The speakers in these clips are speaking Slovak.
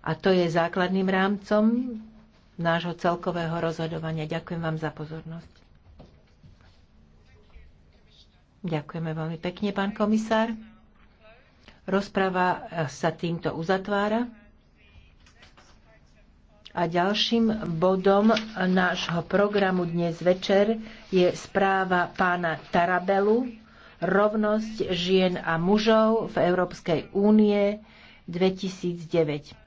A to je základným rámcom nášho celkového rozhodovania. Ďakujem vám za pozornosť. Ďakujeme veľmi pekne, pán komisár. Rozprava sa týmto uzatvára. A ďalším bodom nášho programu dnes večer je správa pána Tarabelu Rovnosť žien a mužov v Európskej únie 2009.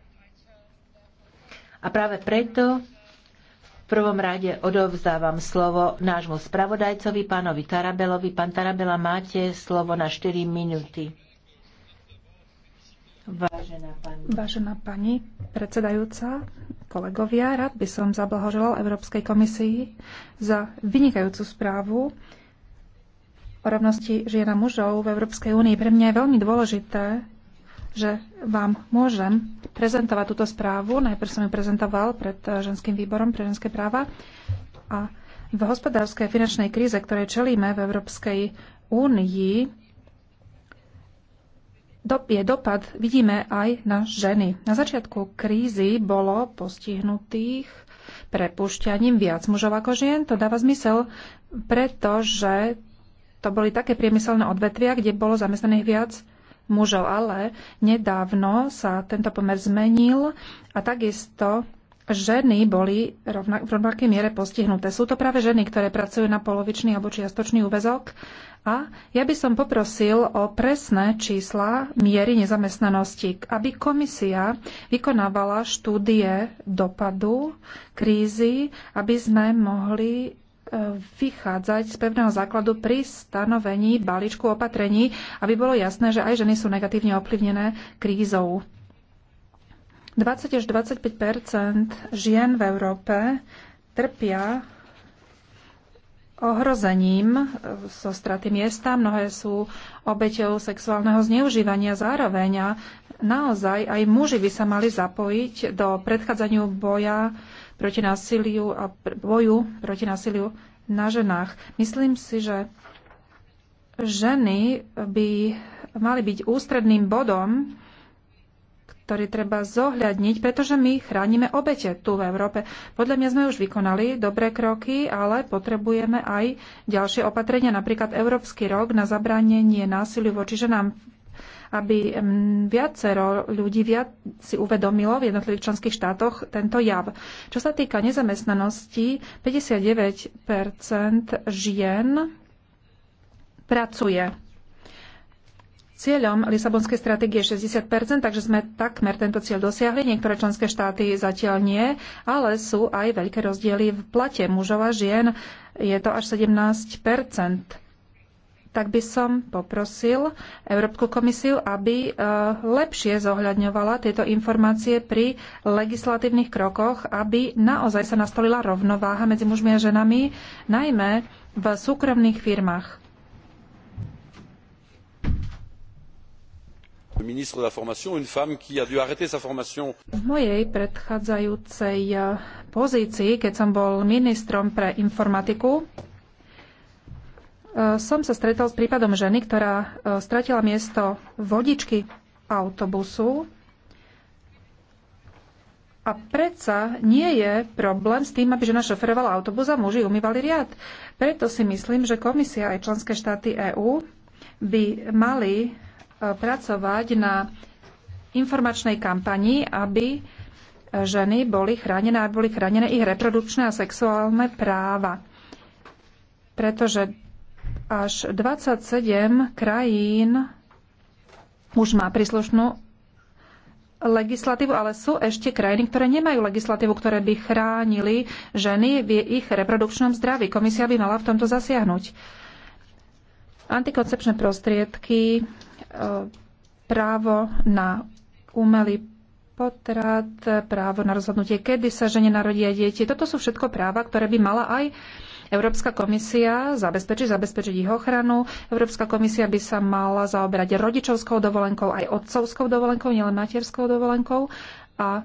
A práve preto v prvom rade odovzdávam slovo nášmu spravodajcovi, pánovi Tarabelovi. Pán Tarabela, máte slovo na 4 minúty. Vážená pani. Vážená pani predsedajúca, kolegovia, rád by som zablahoželal Európskej komisii za vynikajúcu správu o rovnosti žien a mužov v Európskej únii. Pre mňa je veľmi dôležité že vám môžem prezentovať túto správu. Najprv som ju prezentoval pred eh, ženským výborom pre ženské práva. A v hospodárskej a finančnej kríze, ktorej čelíme v Európskej únii, je dopad, vidíme aj na ženy. Na začiatku krízy bolo postihnutých prepušťaním viac mužov ako žien. To dáva zmysel, pretože to boli také priemyselné odvetvia, kde bolo zamestnaných viac mužov, ale nedávno sa tento pomer zmenil a takisto ženy boli rovna, v rovnakej miere postihnuté. Sú to práve ženy, ktoré pracujú na polovičný alebo čiastočný úvezok. A ja by som poprosil o presné čísla miery nezamestnanosti, aby komisia vykonávala štúdie dopadu krízy, aby sme mohli vychádzať z pevného základu pri stanovení balíčku opatrení, aby bolo jasné, že aj ženy sú negatívne ovplyvnené krízou. 20 až 25 žien v Európe trpia ohrozením e, zo so straty miesta. Mnohé sú obeťou sexuálneho zneužívania zároveň a naozaj aj muži by sa mali zapojiť do predchádzaniu boja proti násiliu a boju proti násiliu na ženách. Myslím si, že ženy by mali byť ústredným bodom, ktorý treba zohľadniť, pretože my chránime obete tu v Európe. Podľa mňa sme už vykonali dobré kroky, ale potrebujeme aj ďalšie opatrenia, napríklad Európsky rok na zabránenie násiliu voči ženám aby viacero ľudí viac si uvedomilo v jednotlivých členských štátoch tento jav. Čo sa týka nezamestnanosti, 59 žien pracuje. Cieľom Lisabonskej stratégie je 60 takže sme takmer tento cieľ dosiahli. Niektoré členské štáty zatiaľ nie, ale sú aj veľké rozdiely v plate mužov a žien. Je to až 17 tak by som poprosil Európsku komisiu, aby e, lepšie zohľadňovala tieto informácie pri legislatívnych krokoch, aby naozaj sa nastolila rovnováha medzi mužmi a ženami, najmä v súkromných firmách. ministre de la formation, une femme qui a dû arrêter sa formation. V mojej predchádzajúcej e, pozícii, keď som bol ministrom pre informatiku, som sa stretol s prípadom ženy, ktorá e, stratila miesto vodičky autobusu a predsa nie je problém s tým, aby žena šoferovala autobus a muži umývali riad. Preto si myslím, že komisia aj členské štáty EÚ by mali e, pracovať na informačnej kampani, aby e, ženy boli chránené, aby boli chránené ich reprodukčné a sexuálne práva. Pretože až 27 krajín už má príslušnú legislatívu, ale sú ešte krajiny, ktoré nemajú legislatívu, ktoré by chránili ženy v ich reprodukčnom zdraví. Komisia by mala v tomto zasiahnuť. Antikoncepčné prostriedky, e, právo na umelý potrat, právo na rozhodnutie, kedy sa žene narodia dieťa. Toto sú všetko práva, ktoré by mala aj Európska komisia zabezpečí, zabezpečiť ich ochranu. Európska komisia by sa mala zaoberať rodičovskou dovolenkou, aj otcovskou dovolenkou, nielen materskou dovolenkou. A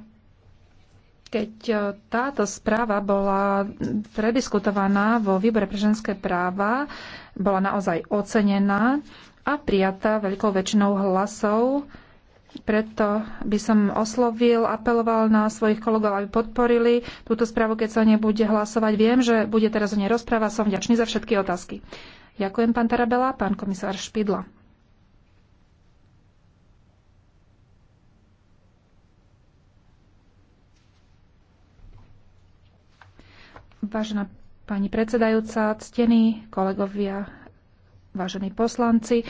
keď e, táto správa bola prediskutovaná vo výbore pre ženské práva, bola naozaj ocenená a prijatá veľkou väčšinou hlasov preto by som oslovil, apeloval na svojich kolegov, aby podporili túto správu, keď sa nebude hlasovať. Viem, že bude teraz o nej rozpráva. Som vďačný za všetky otázky. Ďakujem, pán Tarabela, pán komisár Špidla. Vážená pani predsedajúca, ctení kolegovia, vážení poslanci,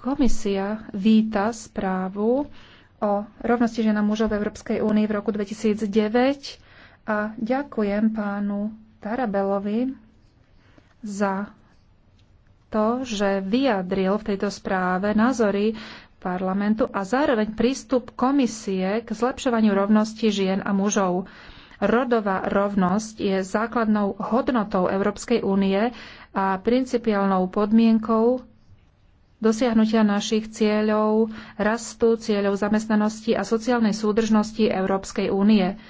Komisia víta správu o rovnosti žena mužov v Európskej únii v roku 2009 a ďakujem pánu Tarabelovi za to, že vyjadril v tejto správe názory parlamentu a zároveň prístup komisie k zlepšovaniu rovnosti žien a mužov. Rodová rovnosť je základnou hodnotou Európskej únie a principiálnou podmienkou dosiahnutia našich cieľov, rastu cieľov zamestnanosti a sociálnej súdržnosti Európskej únie.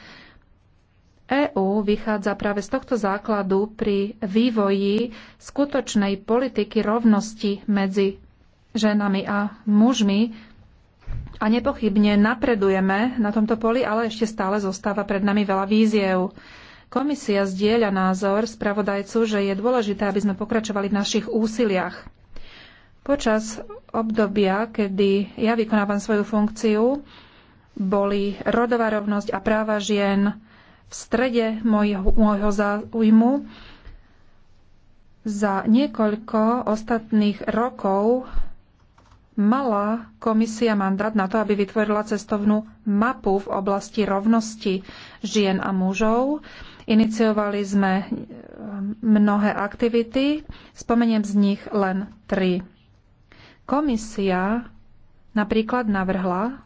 EÚ vychádza práve z tohto základu pri vývoji skutočnej politiky rovnosti medzi ženami a mužmi a nepochybne napredujeme na tomto poli, ale ešte stále zostáva pred nami veľa víziev. Komisia zdieľa názor spravodajcu, že je dôležité, aby sme pokračovali v našich úsiliach. Počas obdobia, kedy ja vykonávam svoju funkciu, boli rodová rovnosť a práva žien v strede môjho, môjho záujmu. Za niekoľko ostatných rokov mala komisia mandát na to, aby vytvorila cestovnú mapu v oblasti rovnosti žien a mužov. Iniciovali sme mnohé aktivity, spomeniem z nich len tri. Komisia napríklad navrhla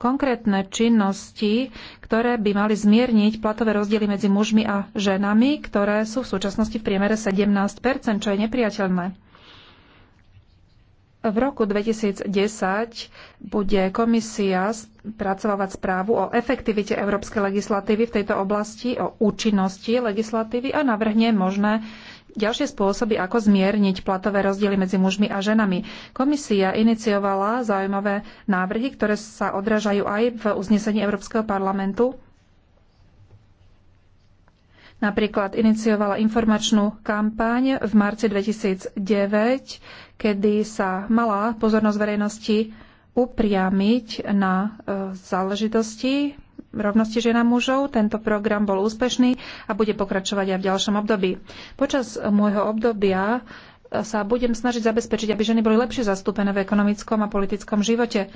konkrétne činnosti, ktoré by mali zmierniť platové rozdiely medzi mužmi a ženami, ktoré sú v súčasnosti v priemere 17 čo je nepriateľné. V roku 2010 bude komisia pracovať správu o efektivite európskej legislatívy v tejto oblasti, o účinnosti legislatívy a navrhne možné ďalšie spôsoby, ako zmierniť platové rozdiely medzi mužmi a ženami. Komisia iniciovala zaujímavé návrhy, ktoré sa odrážajú aj v uznesení Európskeho parlamentu. Napríklad iniciovala informačnú kampaň v marci 2009, kedy sa mala pozornosť verejnosti upriamiť na e, záležitosti rovnosti žena mužov. Tento program bol úspešný a bude pokračovať aj v ďalšom období. Počas môjho obdobia e, sa budem snažiť zabezpečiť, aby ženy boli lepšie zastúpené v ekonomickom a politickom živote.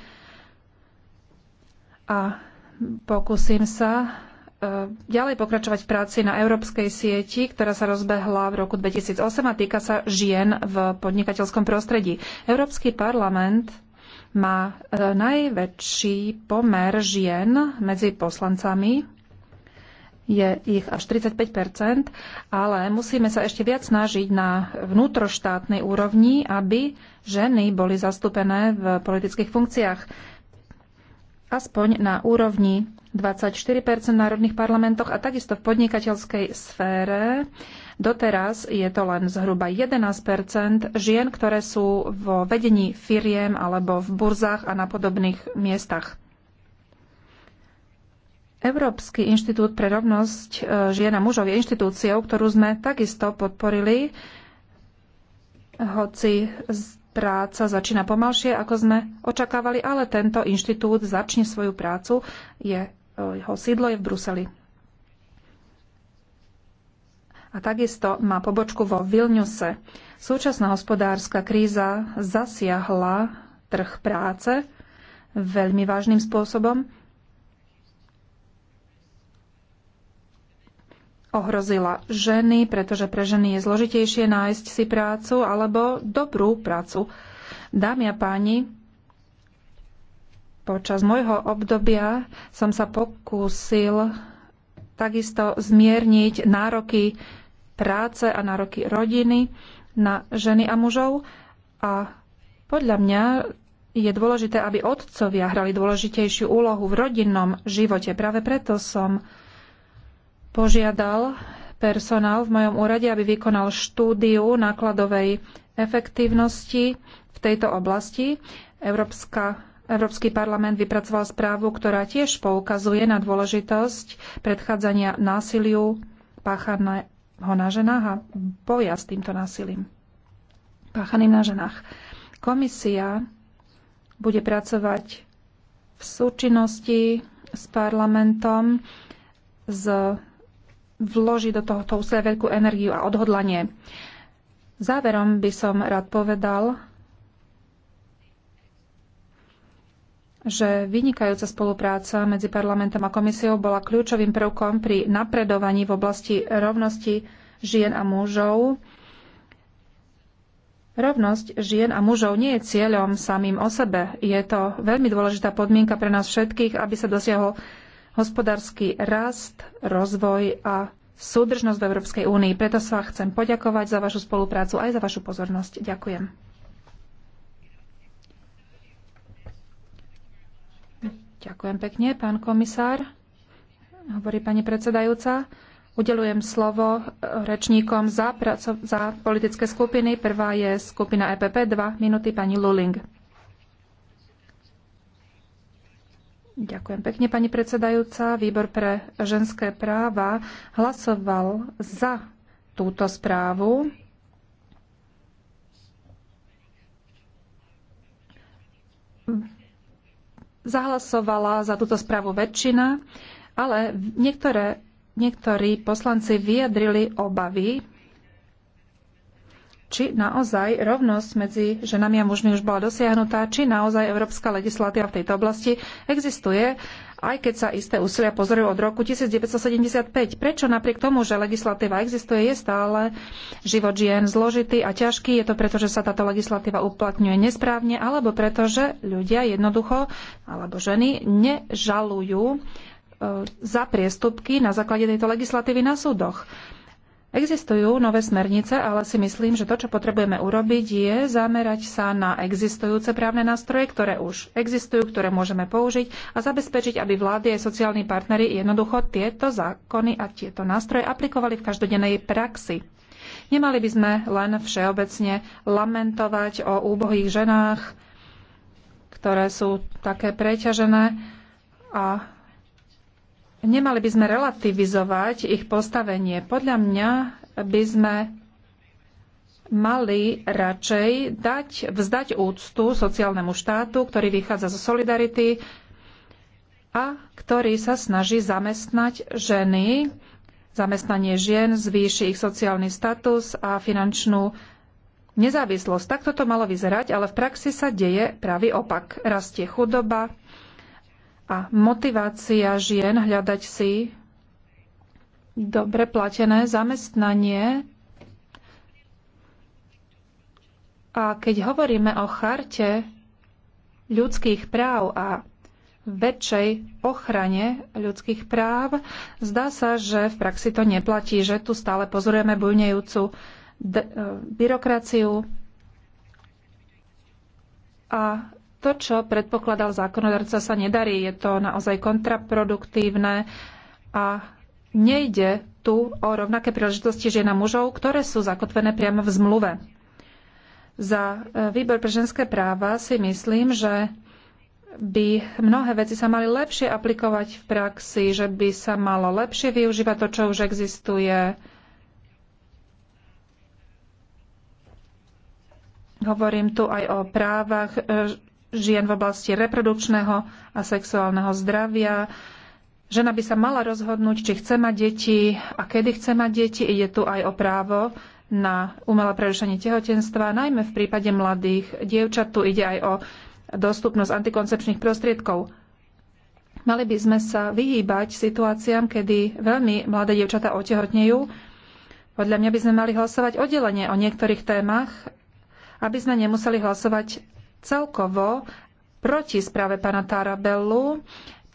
A pokúsim sa e, ďalej pokračovať v práci na európskej sieti, ktorá sa rozbehla v roku 2008 a týka sa žien v podnikateľskom prostredí. Európsky parlament má e, najväčší pomer žien medzi poslancami, je ich až 35 ale musíme sa ešte viac snažiť na vnútroštátnej úrovni, aby ženy boli zastúpené v politických funkciách aspoň na úrovni 24 v národných parlamentoch a takisto v podnikateľskej sfére Doteraz je to len zhruba 11 žien, ktoré sú vo vedení firiem alebo v burzách a na podobných miestach. Európsky inštitút pre rovnosť e, žien a mužov je inštitúciou, ktorú sme takisto podporili, hoci práca začína pomalšie, ako sme očakávali, ale tento inštitút začne svoju prácu. E, jeho sídlo je v Bruseli a takisto má pobočku vo Vilniuse. Súčasná hospodárska kríza zasiahla trh práce veľmi vážnym spôsobom. Ohrozila ženy, pretože pre ženy je zložitejšie nájsť si prácu alebo dobrú prácu. Dámy a páni, počas môjho obdobia som sa pokúsil takisto zmierniť nároky práce a nároky rodiny na ženy a mužov. A podľa mňa je dôležité, aby otcovia hrali dôležitejšiu úlohu v rodinnom živote. Práve preto som požiadal personál v mojom úrade, aby vykonal štúdiu nákladovej efektívnosti v tejto oblasti. Európska, Európsky parlament vypracoval správu, ktorá tiež poukazuje na dôležitosť predchádzania násiliu páchané, ho na ženách a boja s týmto násilím páchaným na ženách. Komisia bude pracovať v súčinnosti s parlamentom, z, vloží do tohoto úsilia veľkú energiu a odhodlanie. Záverom by som rád povedal, že vynikajúca spolupráca medzi parlamentom a komisiou bola kľúčovým prvkom pri napredovaní v oblasti rovnosti žien a mužov. Rovnosť žien a mužov nie je cieľom samým o sebe. Je to veľmi dôležitá podmienka pre nás všetkých, aby sa dosiahol hospodársky rast, rozvoj a súdržnosť v Európskej únii. Preto sa chcem poďakovať za vašu spoluprácu aj za vašu pozornosť. Ďakujem. Ďakujem pekne, pán komisár. Hovorí pani predsedajúca. Udelujem slovo eh, rečníkom za, za politické skupiny. Prvá je skupina EPP, 2 minúty pani Luling. Ďakujem pekne, pani predsedajúca. Výbor pre ženské práva hlasoval za túto správu zahlasovala za túto správu väčšina, ale niektoré, niektorí poslanci vyjadrili obavy, či naozaj rovnosť medzi ženami a mužmi už bola dosiahnutá, či naozaj európska legislatíva v tejto oblasti existuje aj keď sa isté úsilia pozorujú od roku 1975. Prečo napriek tomu, že legislatíva existuje, je stále život žien zložitý a ťažký? Je to preto, že sa táto legislatíva uplatňuje nesprávne, alebo preto, že ľudia jednoducho, alebo ženy, nežalujú e, za priestupky na základe tejto legislatívy na súdoch. Existujú nové smernice, ale si myslím, že to, čo potrebujeme urobiť, je zamerať sa na existujúce právne nástroje, ktoré už existujú, ktoré môžeme použiť a zabezpečiť, aby vlády a sociálni partnery jednoducho tieto zákony a tieto nástroje aplikovali v každodennej praxi. Nemali by sme len všeobecne lamentovať o úbohých ženách, ktoré sú také preťažené a Nemali by sme relativizovať ich postavenie. Podľa mňa by sme mali radšej dať, vzdať úctu sociálnemu štátu, ktorý vychádza zo solidarity a ktorý sa snaží zamestnať ženy, zamestnanie žien, zvýši ich sociálny status a finančnú nezávislosť. Takto to malo vyzerať, ale v praxi sa deje pravý opak. Rastie chudoba, a motivácia žien hľadať si dobre platené zamestnanie. A keď hovoríme o charte ľudských práv a väčšej ochrane ľudských práv, zdá sa, že v praxi to neplatí, že tu stále pozorujeme bujnejúcu e, byrokraciu a to, čo predpokladal zákonodarca, sa nedarí. Je to naozaj kontraproduktívne a nejde tu o rovnaké príležitosti žien a mužov, ktoré sú zakotvené priamo v zmluve. Za e, výbor pre ženské práva si myslím, že by mnohé veci sa mali lepšie aplikovať v praxi, že by sa malo lepšie využívať to, čo už existuje. Hovorím tu aj o právach e, žien v oblasti reprodukčného a sexuálneho zdravia. Žena by sa mala rozhodnúť, či chce mať deti a kedy chce mať deti. Ide tu aj o právo na umelé prerušenie tehotenstva. Najmä v prípade mladých dievčat tu ide aj o dostupnosť antikoncepčných prostriedkov. Mali by sme sa vyhýbať situáciám, kedy veľmi mladé dievčatá otehotnejú. Podľa mňa by sme mali hlasovať oddelenie o niektorých témach, aby sme nemuseli hlasovať celkovo proti správe pána Tarabellu.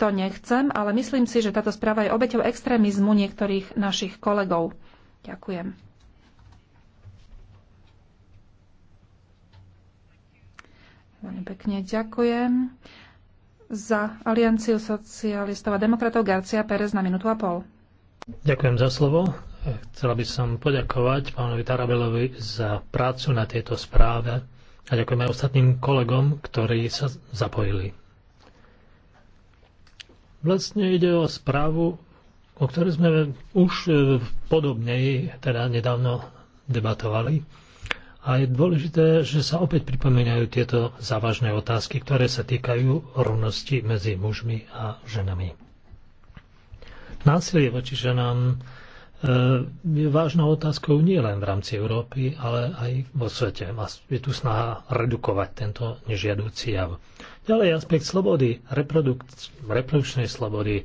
To nechcem, ale myslím si, že táto správa je obeťou extrémizmu niektorých našich kolegov. Ďakujem. Veľmi pekne ďakujem. Za Alianciu socialistov a demokratov Garcia Pérez na minútu a pol. Ďakujem za slovo. Chcela by som poďakovať pánovi Tarabelovi za prácu na tejto správe a ďakujem aj ostatným kolegom, ktorí sa zapojili. Vlastne ide o správu, o ktorej sme už e, podobnej, teda nedávno debatovali. A je dôležité, že sa opäť pripomínajú tieto závažné otázky, ktoré sa týkajú rovnosti medzi mužmi a ženami. Násilie voči ženám E, je vážnou otázkou nie len v rámci Európy, ale aj vo svete. Je tu snaha redukovať tento nežiadúci jav. Ďalej aspekt slobody, reproduk- reprodukčnej slobody. E,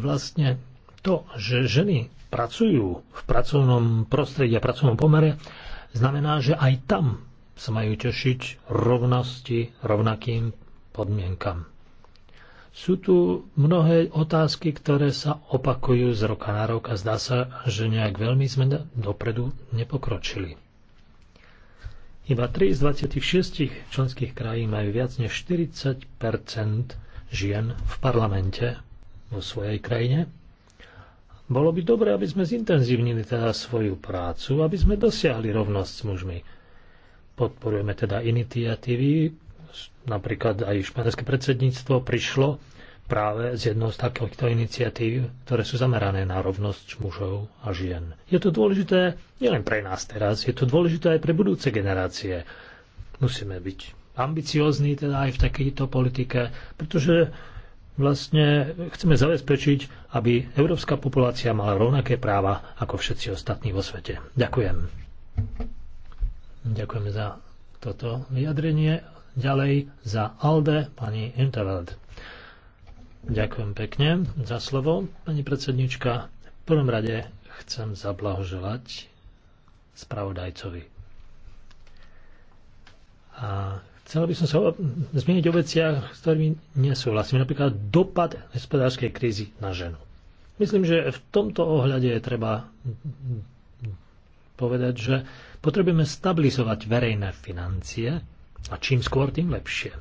vlastne to, že ženy pracujú v pracovnom prostredí a pracovnom pomere, znamená, že aj tam sa majú tešiť rovnosti, rovnakým podmienkam. Sú tu mnohé otázky, ktoré sa opakujú z roka na rok a zdá sa, že nejak veľmi sme dopredu nepokročili. Iba 3 z 26 členských krajín majú viac než 40 žien v parlamente vo svojej krajine. Bolo by dobré, aby sme zintenzívnili teda svoju prácu, aby sme dosiahli rovnosť s mužmi. Podporujeme teda iniciatívy, napríklad aj španielské predsedníctvo prišlo práve z jednou z takýchto iniciatív, ktoré sú zamerané na rovnosť mužov a žien. Je to dôležité nielen pre nás teraz, je to dôležité aj pre budúce generácie. Musíme byť ambiciozní teda aj v takejto politike, pretože vlastne chceme zabezpečiť, aby európska populácia mala rovnaké práva ako všetci ostatní vo svete. Ďakujem. Ďakujem za toto vyjadrenie Ďalej za ALDE pani Interveld. Ďakujem pekne za slovo, pani predsednička. V prvom rade chcem zablahoželať spravodajcovi. A chcel by som sa zmieniť o veciach, s ktorými nesúhlasím. Napríklad dopad hospodárskej krízy na ženu. Myslím, že v tomto ohľade je treba povedať, že potrebujeme stabilizovať verejné financie a čím skôr, tým lepšie.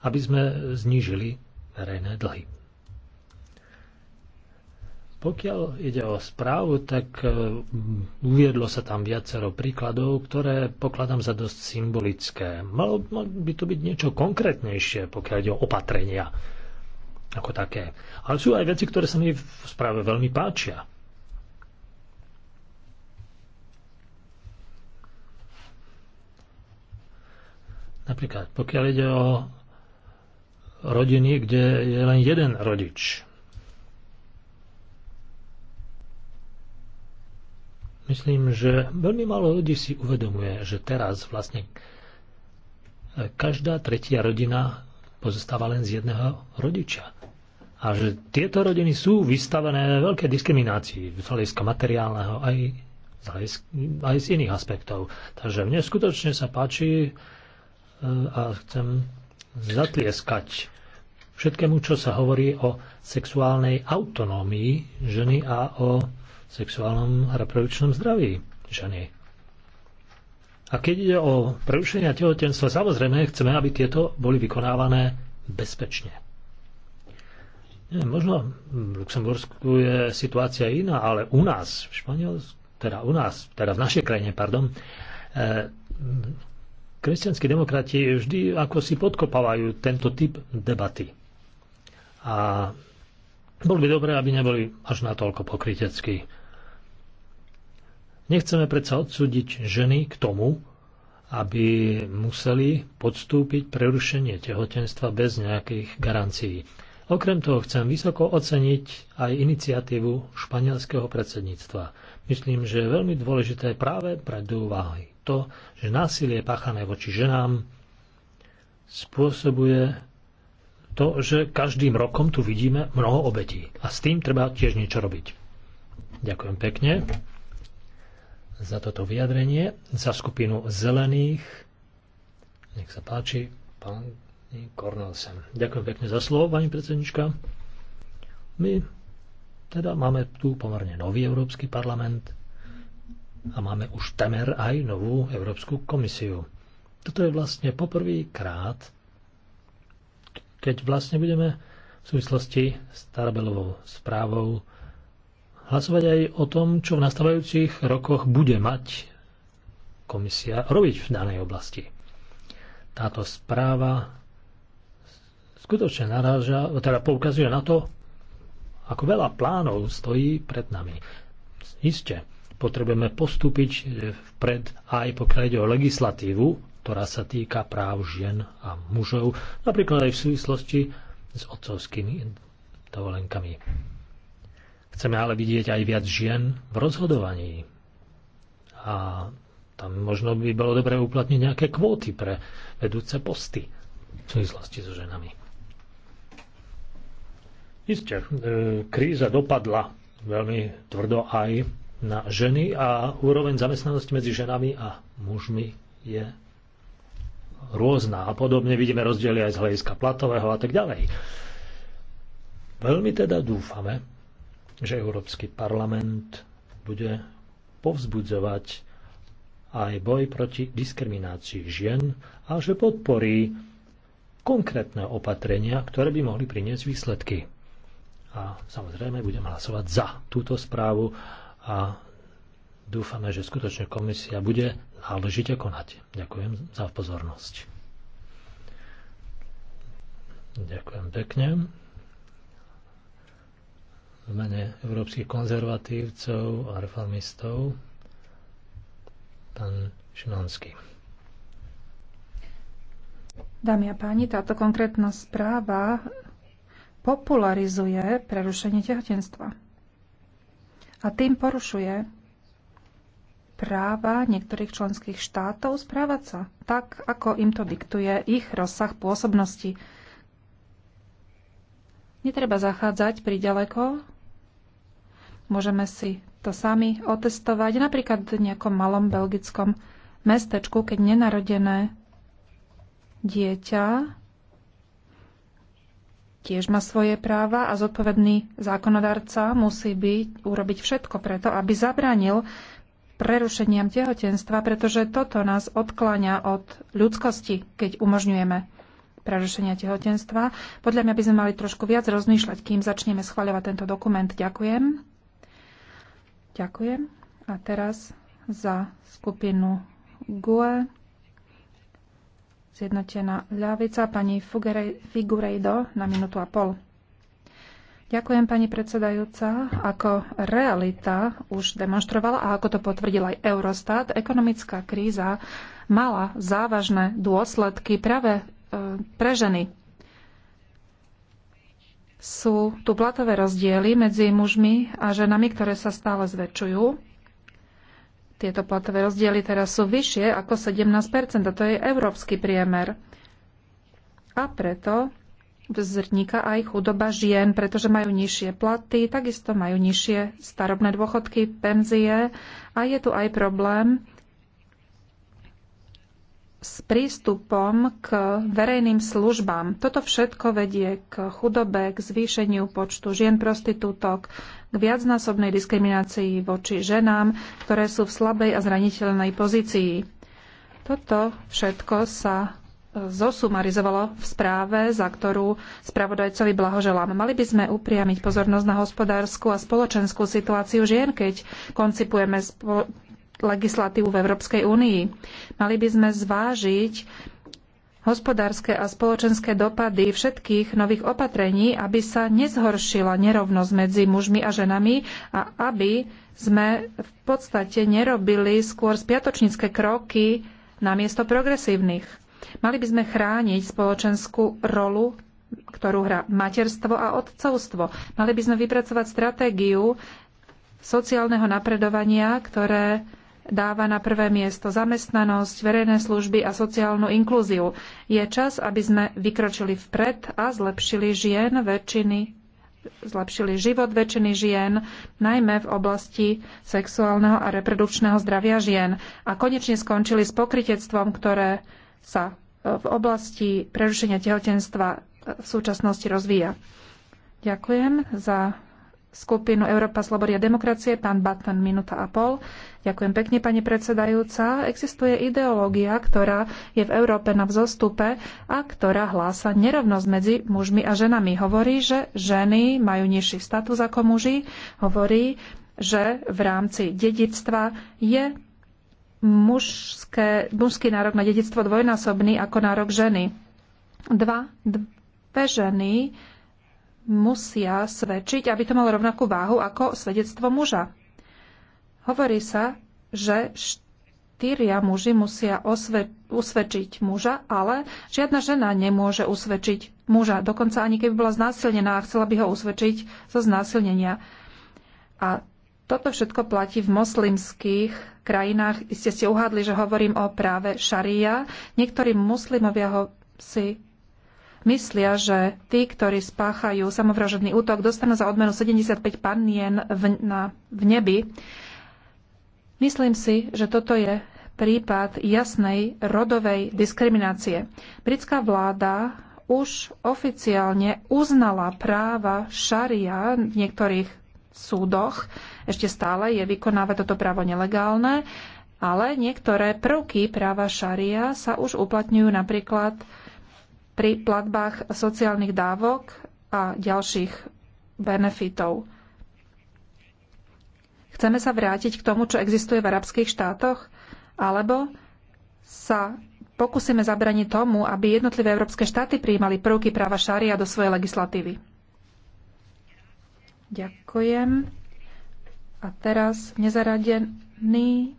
Aby sme znížili verejné dlhy. Pokiaľ ide o správu, tak e, uviedlo sa tam viacero príkladov, ktoré pokladám za dosť symbolické. Malo, by to byť niečo konkrétnejšie, pokiaľ ide o opatrenia ako také. Ale sú aj veci, ktoré sa mi v správe veľmi páčia. Napríklad, pokiaľ ide o rodiny, kde je len jeden rodič. Myslím, že veľmi málo ľudí si uvedomuje, že teraz vlastne každá tretia rodina pozostáva len z jedného rodiča. A že tieto rodiny sú vystavené veľké diskriminácii z hľadiska materiálneho aj, z, aj z iných aspektov. Takže mne skutočne sa páči a chcem zatlieskať všetkému, čo sa hovorí o sexuálnej autonómii ženy a o sexuálnom a reprodukčnom zdraví ženy. A keď ide o prerušenia tehotenstva, samozrejme chceme, aby tieto boli vykonávané bezpečne. Nie, možno v Luxembursku je situácia iná, ale u nás, v Španielsku, teda u nás, teda v našej krajine, pardon, eh, kresťanskí demokrati vždy ako si podkopávajú tento typ debaty. A bolo by dobré, aby neboli až natoľko pokryteckí. Nechceme predsa odsúdiť ženy k tomu, aby museli podstúpiť prerušenie tehotenstva bez nejakých garancií. Okrem toho chcem vysoko oceniť aj iniciatívu španielského predsedníctva. Myslím, že je veľmi dôležité práve pre do úvahy to, že násilie páchané voči ženám spôsobuje to, že každým rokom tu vidíme mnoho obetí. A s tým treba tiež niečo robiť. Ďakujem pekne za toto vyjadrenie, za skupinu zelených. Nech sa páči, pán Kornelsen. Ďakujem pekne za slovo, pani predsednička. My teda máme tu pomerne nový Európsky parlament, a máme už temer aj novú Európsku komisiu. Toto je vlastne poprvý krát, keď vlastne budeme v súvislosti s Tarabelovou správou hlasovať aj o tom, čo v nastávajúcich rokoch bude mať komisia robiť v danej oblasti. Táto správa skutočne naráža, teda poukazuje na to, ako veľa plánov stojí pred nami. Isté, potrebujeme postúpiť e, vpred aj pokiaľ ide o legislatívu, ktorá sa týka práv žien a mužov, napríklad aj v súvislosti s otcovskými dovolenkami. Chceme ale vidieť aj viac žien v rozhodovaní. A tam možno by bolo dobré uplatniť nejaké kvóty pre vedúce posty v súvislosti so ženami. Isté, e, kríza dopadla veľmi tvrdo aj na ženy a úroveň zamestnanosti medzi ženami a mužmi je rôzna. A podobne vidíme rozdiely aj z hľadiska platového a tak ďalej. Veľmi teda dúfame, že Európsky parlament bude povzbudzovať aj boj proti diskriminácii žien a že podporí konkrétne opatrenia, ktoré by mohli priniesť výsledky. A samozrejme budem hlasovať za túto správu a dúfame, že skutočne komisia bude náležite konať. Ďakujem za pozornosť. Ďakujem pekne. V mene európskych konzervatívcov a reformistov pán Šimanský. Dámy a páni, táto konkrétna správa popularizuje prerušenie tehotenstva a tým porušuje práva niektorých členských štátov správať sa tak, ako im to diktuje ich rozsah pôsobnosti. Netreba zachádzať priďaleko. Môžeme si to sami otestovať, napríklad v nejakom malom belgickom mestečku, keď nenarodené dieťa tiež má svoje práva a zodpovedný zákonodarca musí byť, urobiť všetko preto, aby zabránil prerušeniam tehotenstva, pretože toto nás odkláňa od ľudskosti, keď umožňujeme prerušenia tehotenstva. Podľa mňa by sme mali trošku viac rozmýšľať, kým začneme schvaľovať tento dokument. Ďakujem. Ďakujem. A teraz za skupinu GUE Zjednotená ľavica, pani Figurejdo na minútu a pol. Ďakujem, pani predsedajúca. Ako realita už demonstrovala a ako to potvrdil aj Eurostat, ekonomická kríza mala závažné dôsledky práve e, pre ženy. Sú tu platové rozdiely medzi mužmi a ženami, ktoré sa stále zväčšujú tieto platové rozdiely teraz sú vyššie ako 17 a to je európsky priemer. A preto vzniká aj chudoba žien, pretože majú nižšie platy, takisto majú nižšie starobné dôchodky, penzie a je tu aj problém s prístupom k verejným službám. Toto všetko vedie k chudobe, k zvýšeniu počtu žien prostitútok, k viacnásobnej diskriminácii voči ženám, ktoré sú v slabej a zraniteľnej pozícii. Toto všetko sa e, zosumarizovalo v správe, za ktorú spravodajcovi blahoželám. Mali by sme upriamiť pozornosť na hospodárskú a spoločenskú situáciu žien, keď koncipujeme legislatívu v Európskej únii. Mali by sme zvážiť hospodárske a spoločenské dopady všetkých nových opatrení, aby sa nezhoršila nerovnosť medzi mužmi a ženami a aby sme v podstate nerobili skôr spiatočnícke kroky namiesto progresívnych. Mali by sme chrániť spoločenskú rolu ktorú hrá materstvo a otcovstvo. Mali by sme vypracovať stratégiu sociálneho napredovania, ktoré dáva na prvé miesto zamestnanosť, verejné služby a sociálnu inklúziu. Je čas, aby sme vykročili vpred a zlepšili žien väčšiny zlepšili život väčšiny žien, najmä v oblasti sexuálneho a reprodukčného zdravia žien a konečne skončili s pokritectvom, ktoré sa e, v oblasti prerušenia tehotenstva e, v súčasnosti rozvíja. Ďakujem za skupinu Európa, Slobody a demokracie, pán Batman, minúta a pol. Ďakujem pekne, pani predsedajúca. Existuje ideológia, ktorá je v Európe na vzostupe a ktorá hlása nerovnosť medzi mužmi a ženami. Hovorí, že ženy majú nižší status ako muži. Hovorí, že v rámci dedictva je mužské, mužský nárok na dedictvo dvojnásobný ako nárok ženy. Dva, dve ženy musia svedčiť, aby to malo rovnakú váhu ako svedectvo muža. Hovorí sa, že štyria muži musia osve- usvedčiť muža, ale žiadna žena nemôže usvedčiť muža, dokonca ani keby bola znásilnená a chcela by ho usvedčiť zo znásilnenia. A toto všetko platí v moslimských krajinách. Iste ste uhádli, že hovorím o práve šaria. Niektorí muslimovia ho si myslia, že tí, ktorí spáchajú samovražedný útok, dostanú za odmenu 75 panien v, na, v nebi. Myslím si, že toto je prípad jasnej rodovej diskriminácie. Britská vláda už oficiálne uznala práva šaria v niektorých súdoch. Ešte stále je vykonávať toto právo nelegálne, ale niektoré prvky práva šaria sa už uplatňujú napríklad pri platbách sociálnych dávok a ďalších benefitov. Chceme sa vrátiť k tomu, čo existuje v arabských štátoch, alebo sa pokúsime zabraniť tomu, aby jednotlivé európske štáty prijímali prvky práva šaria do svojej legislatívy. Ďakujem. A teraz nezaradený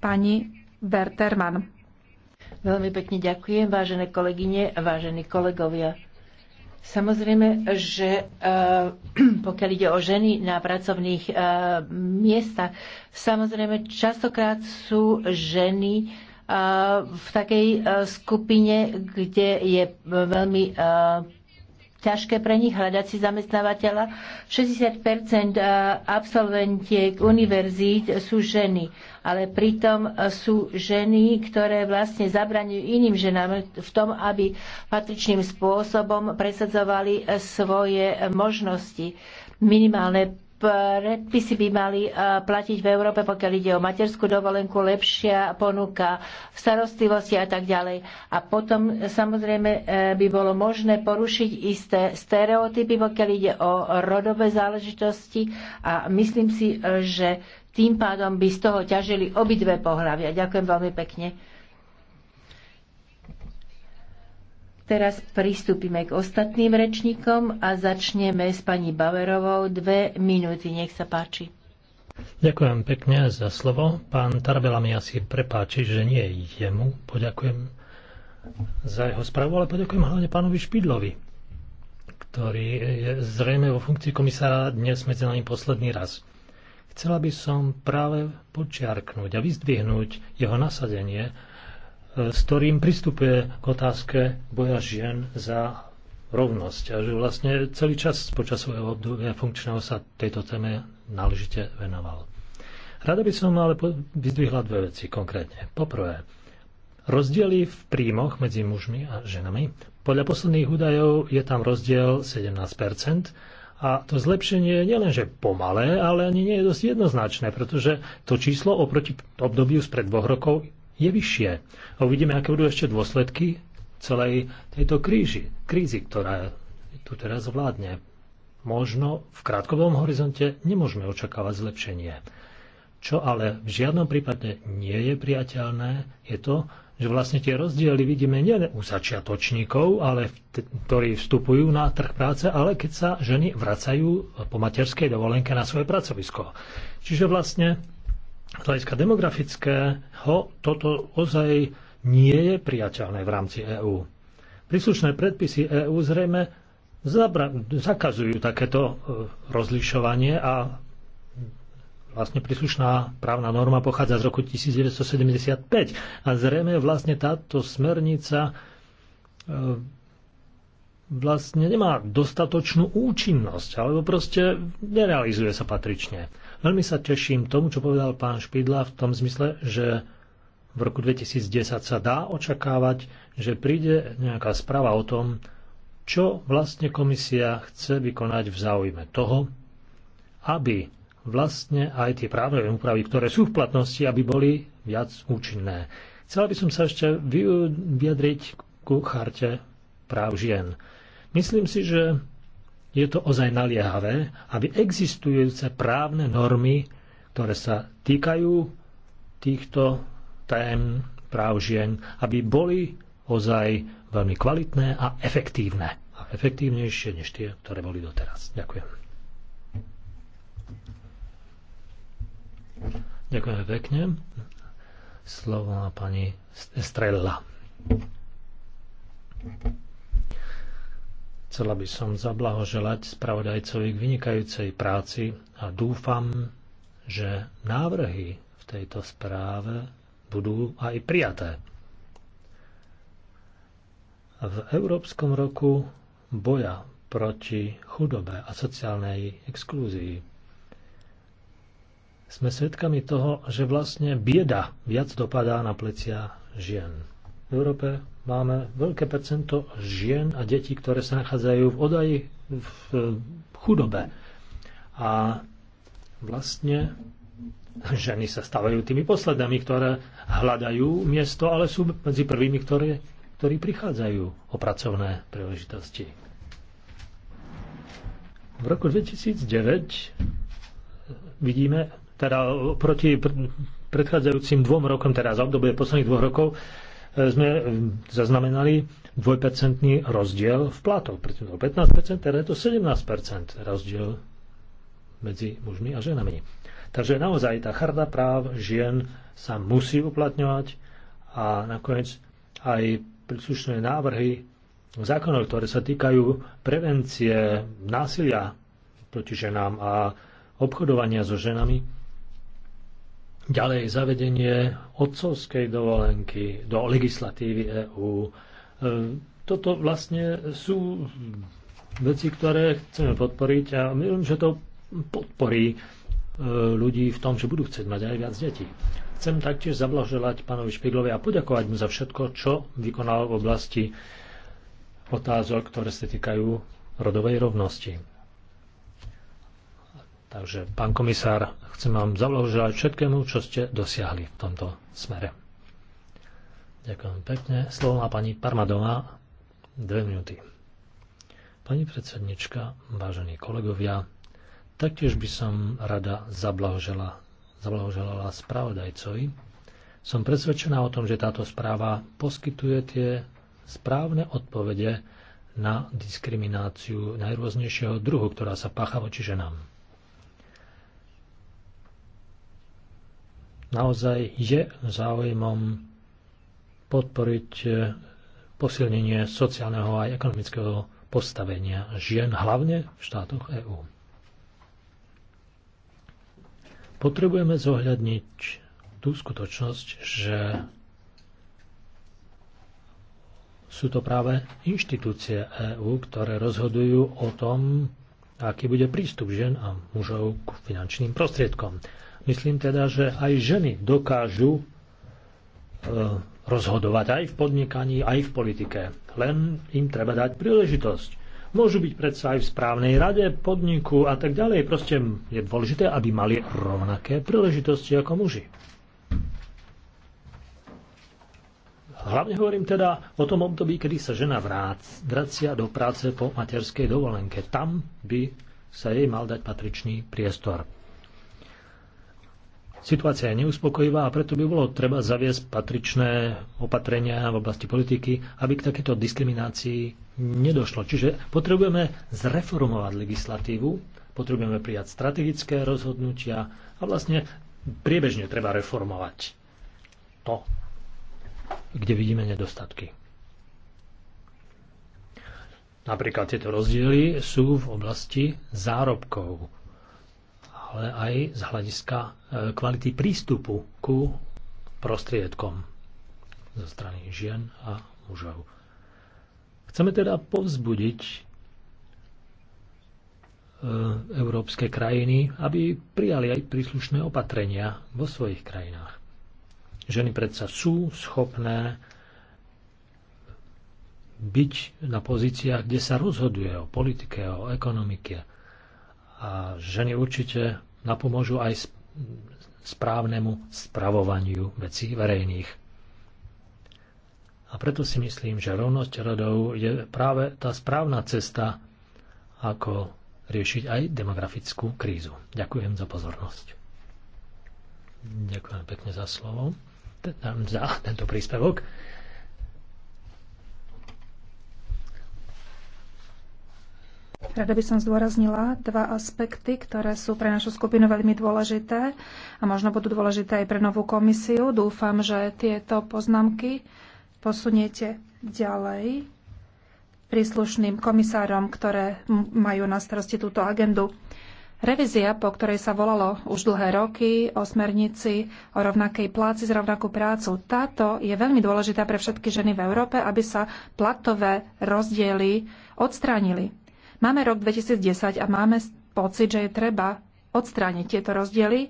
pani Werterman. Veľmi pekne ďakujem, vážené kolegyne a vážení kolegovia. Samozrejme, že eh, pokiaľ ide o ženy na pracovných eh, miestach, samozrejme častokrát sú ženy eh, v takej skupine, kde je veľmi ťažké pre nich hľadať si zamestnávateľa. 60 eh, absolventiek univerzít sú ženy, ale pritom eh, sú ženy, ktoré vlastne zabraňujú iným ženám v tom, aby patričným spôsobom presadzovali eh, svoje možnosti. Minimálne predpisy by mali e, platiť v Európe, pokiaľ ide o materskú dovolenku, lepšia ponuka starostlivosti a tak ďalej. A potom e, samozrejme e, by bolo možné porušiť isté stereotypy, pokiaľ ide o rodové záležitosti a myslím si, že tým pádom by z toho ťažili obidve pohľavia. Ďakujem veľmi pekne. Teraz pristúpime k ostatným rečníkom a začneme s pani Bauerovou. Dve minúty, nech sa páči. Ďakujem pekne za slovo. Pán Tarabela mi asi prepáči, že nie jemu. Poďakujem za jeho správu, ale poďakujem hlavne pánovi Špidlovi, ktorý je zrejme vo funkcii komisára dnes medzi nami posledný raz. Chcela by som práve počiarknúť a vyzdvihnúť jeho nasadenie E, s ktorým pristupuje k otázke boja žien za rovnosť a že vlastne celý čas počas svojho obdobia funkčného sa tejto téme náležite venoval. Rada by som ale vyzdvihla dve veci konkrétne. Poprvé, rozdiely v príjmoch medzi mužmi a ženami. Podľa posledných údajov je tam rozdiel 17 a to zlepšenie je nielenže pomalé, ale ani nie je dosť jednoznačné, pretože to číslo oproti obdobiu spred dvoch rokov je vyššie. A uvidíme, aké budú ešte dôsledky celej tejto kríži, krízy, ktorá tu teraz vládne. Možno v krátkodobom horizonte nemôžeme očakávať zlepšenie. Čo ale v žiadnom prípade nie je priateľné, je to, že vlastne tie rozdiely vidíme nie u začiatočníkov, ale ktorí vstupujú na trh práce, ale keď sa ženy vracajú po materskej dovolenke na svoje pracovisko. Čiže vlastne z hľadiska demografického toto ozaj nie je priateľné v rámci EÚ. Príslušné predpisy EÚ zrejme zakazujú takéto e, rozlišovanie a vlastne príslušná právna norma pochádza z roku 1975 a zrejme vlastne táto smernica e, vlastne nemá dostatočnú účinnosť alebo proste nerealizuje sa patrične. Veľmi sa teším tomu, čo povedal pán Špidla v tom zmysle, že v roku 2010 sa dá očakávať, že príde nejaká správa o tom, čo vlastne komisia chce vykonať v záujme toho, aby vlastne aj tie právne úpravy, ktoré sú v platnosti, aby boli viac účinné. Chcela by som sa ešte vyjadriť ku charte práv žien. Myslím si, že je to ozaj naliehavé, aby existujúce právne normy, ktoré sa týkajú týchto tém práv žien, aby boli ozaj veľmi kvalitné a efektívne. A efektívnejšie než tie, ktoré boli doteraz. Ďakujem. Ďakujem pekne. Slovo má pani Estrella. Thank you. Chcela by som zablahoželať spravodajcovi k vynikajúcej práci a dúfam, že návrhy v tejto správe budú aj prijaté. V Európskom roku boja proti chudobe a sociálnej exklúzii sme svedkami toho, že vlastne bieda viac dopadá na plecia žien. V Európe máme veľké percento žien a detí, ktoré sa nachádzajú v odaji v chudobe. A vlastne ženy sa stávajú tými poslednými, ktoré hľadajú miesto, ale sú medzi prvými, ktoré, ktorí prichádzajú o pracovné príležitosti. V roku 2009 vidíme, teda proti predchádzajúcim dvom rokom, teda za obdobie posledných dvoch rokov, E, sme e, zaznamenali dvojpercentný rozdiel v platoch. to 15%, teda je to 17% rozdiel medzi mužmi a ženami. Takže naozaj tá charta práv žien sa musí uplatňovať a nakoniec aj príslušné návrhy zákonov, ktoré sa týkajú prevencie násilia proti ženám a obchodovania so ženami, Ďalej zavedenie otcovskej dovolenky do legislatívy EÚ. E, toto vlastne sú veci, ktoré chceme podporiť a myslím, že to podporí e, ľudí v tom, že budú chcieť mať aj viac detí. Chcem taktiež zablaželať pánovi Špiglovi a poďakovať mu za všetko, čo vykonal v oblasti otázok, ktoré sa týkajú rodovej rovnosti. Takže, pán komisár, chcem vám zablahoželať všetkému, čo ste dosiahli v tomto smere. Ďakujem pekne. Slovo má pani Parmadová. Dve minúty. Pani predsednička, vážení kolegovia, taktiež by som rada zablahožela, zablahoželala spravodajcovi. Som presvedčená o tom, že táto správa poskytuje tie správne odpovede na diskrimináciu najrôznejšieho druhu, ktorá sa pacha voči ženám. naozaj je záujmom podporiť e, posilnenie sociálneho aj ekonomického postavenia žien, hlavne v štátoch EÚ. Potrebujeme zohľadniť tú skutočnosť, že sú to práve inštitúcie EÚ, ktoré rozhodujú o tom, aký bude prístup žien a mužov k finančným prostriedkom. Myslím teda, že aj ženy dokážu e, rozhodovať aj v podnikaní, aj v politike. Len im treba dať príležitosť. Môžu byť predsa aj v správnej rade, podniku a tak ďalej. Proste je dôležité, aby mali rovnaké príležitosti ako muži. Hlavne hovorím teda o tom období, kedy sa žena vracia do práce po materskej dovolenke. Tam by sa jej mal dať patričný priestor. Situácia je neuspokojivá a preto by bolo treba zaviesť patričné opatrenia v oblasti politiky, aby k takéto diskriminácii nedošlo. Čiže potrebujeme zreformovať legislatívu, potrebujeme prijať strategické rozhodnutia a vlastne priebežne treba reformovať to, kde vidíme nedostatky. Napríklad tieto rozdiely sú v oblasti zárobkov ale aj z hľadiska e, kvality prístupu ku prostriedkom zo strany žien a mužov. Chceme teda povzbudiť e, európske krajiny, aby prijali aj príslušné opatrenia vo svojich krajinách. Ženy predsa sú schopné byť na pozíciách, kde sa rozhoduje o politike, o ekonomike. A ženy určite napomôžu aj správnemu spravovaniu vecí verejných. A preto si myslím, že rovnosť rodov je práve tá správna cesta, ako riešiť aj demografickú krízu. Ďakujem za pozornosť. Ďakujem pekne za slovo, teda za tento príspevok. Rada by som zdôraznila dva aspekty, ktoré sú pre našu skupinu veľmi dôležité a možno budú dôležité aj pre novú komisiu. Dúfam, že tieto poznámky posuniete ďalej príslušným komisárom, ktoré majú na starosti túto agendu. Revízia, po ktorej sa volalo už dlhé roky o smernici o rovnakej pláci z rovnakú prácu, táto je veľmi dôležitá pre všetky ženy v Európe, aby sa platové rozdiely odstránili. Máme rok 2010 a máme pocit, že je treba odstrániť tieto rozdiely.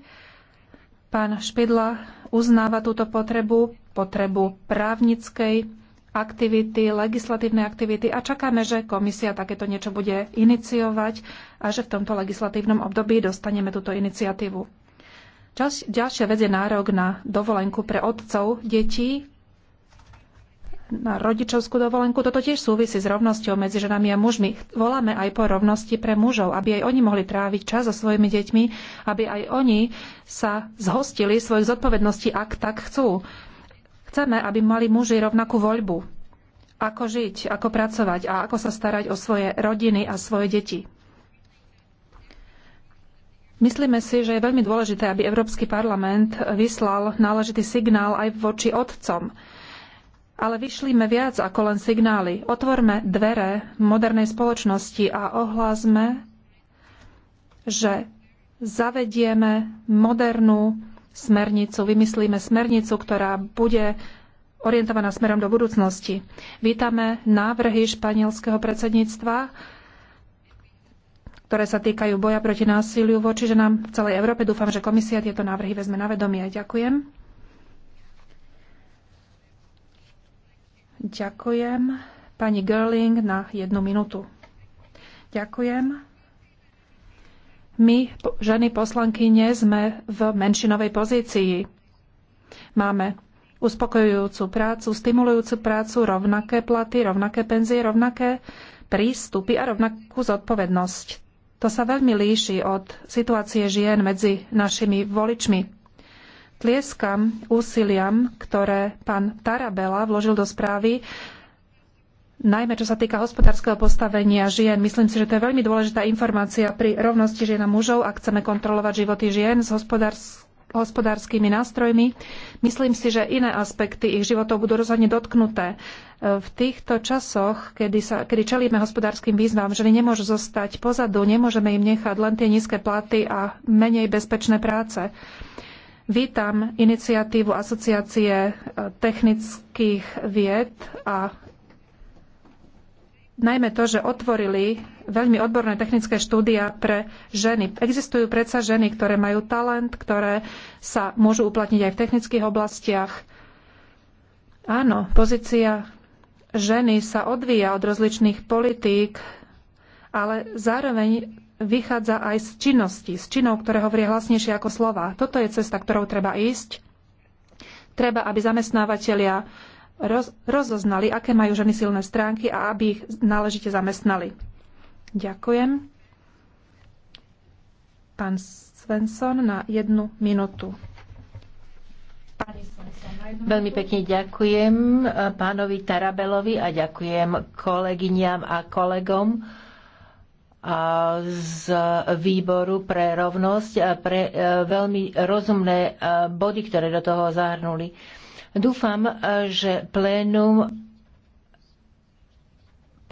Pán Špidla uznáva túto potrebu, potrebu právnickej aktivity, legislatívnej aktivity a čakáme, že komisia takéto niečo bude iniciovať a že v tomto legislatívnom období dostaneme túto iniciatívu. Ďalšia vec je nárok na dovolenku pre otcov detí, na rodičovskú dovolenku. Toto tiež súvisí s rovnosťou medzi ženami a mužmi. Voláme aj po rovnosti pre mužov, aby aj oni mohli tráviť čas so svojimi deťmi, aby aj oni sa zhostili svojich zodpovedností, ak tak chcú. Chceme, aby mali muži rovnakú voľbu, ako žiť, ako pracovať a ako sa starať o svoje rodiny a svoje deti. Myslíme si, že je veľmi dôležité, aby Európsky parlament vyslal náležitý signál aj voči otcom. Ale vyšlíme viac ako len signály. Otvorme dvere modernej spoločnosti a ohlásme, že zavedieme modernú smernicu, vymyslíme smernicu, ktorá bude orientovaná smerom do budúcnosti. Vítame návrhy španielského predsedníctva, ktoré sa týkajú boja proti násiliu voči ženám v celej Európe. Dúfam, že komisia tieto návrhy vezme na vedomie. Ďakujem. Ďakujem. Pani Gerling na jednu minútu. Ďakujem. My, ženy poslankyne, sme v menšinovej pozícii. Máme uspokojujúcu prácu, stimulujúcu prácu, rovnaké platy, rovnaké penzie, rovnaké prístupy a rovnakú zodpovednosť. To sa veľmi líši od situácie žien medzi našimi voličmi. Tlieskam úsiliam, ktoré pán Tarabela vložil do správy, najmä čo sa týka hospodárskeho postavenia žien. Myslím si, že to je veľmi dôležitá informácia pri rovnosti žien a mužov, ak chceme kontrolovať životy žien s hospodárskym hospodárskymi nástrojmi. Myslím si, že iné aspekty ich životov budú rozhodne dotknuté. E, v týchto časoch, kedy, sa, kedy čelíme hospodárskym výzvam, ženy nemôžu zostať pozadu, nemôžeme im nechať len tie nízke platy a menej bezpečné práce. Vítam iniciatívu Asociácie e, technických vied a najmä to, že otvorili veľmi odborné technické štúdia pre ženy. Existujú predsa ženy, ktoré majú talent, ktoré sa môžu uplatniť aj v technických oblastiach. Áno, pozícia ženy sa odvíja od rozličných politík, ale zároveň vychádza aj z činnosti, z činov, ktoré hovoria hlasnejšie ako slova. Toto je cesta, ktorou treba ísť. Treba, aby zamestnávateľia roz, rozoznali, aké majú ženy silné stránky a aby ich náležite zamestnali. Ďakujem. Pán Svensson na jednu minútu. Veľmi pekne ďakujem pánovi Tarabelovi a ďakujem kolegyňam a kolegom z výboru pre rovnosť a pre e, veľmi rozumné e, body, ktoré do toho zahrnuli. Dúfam, e, že plénum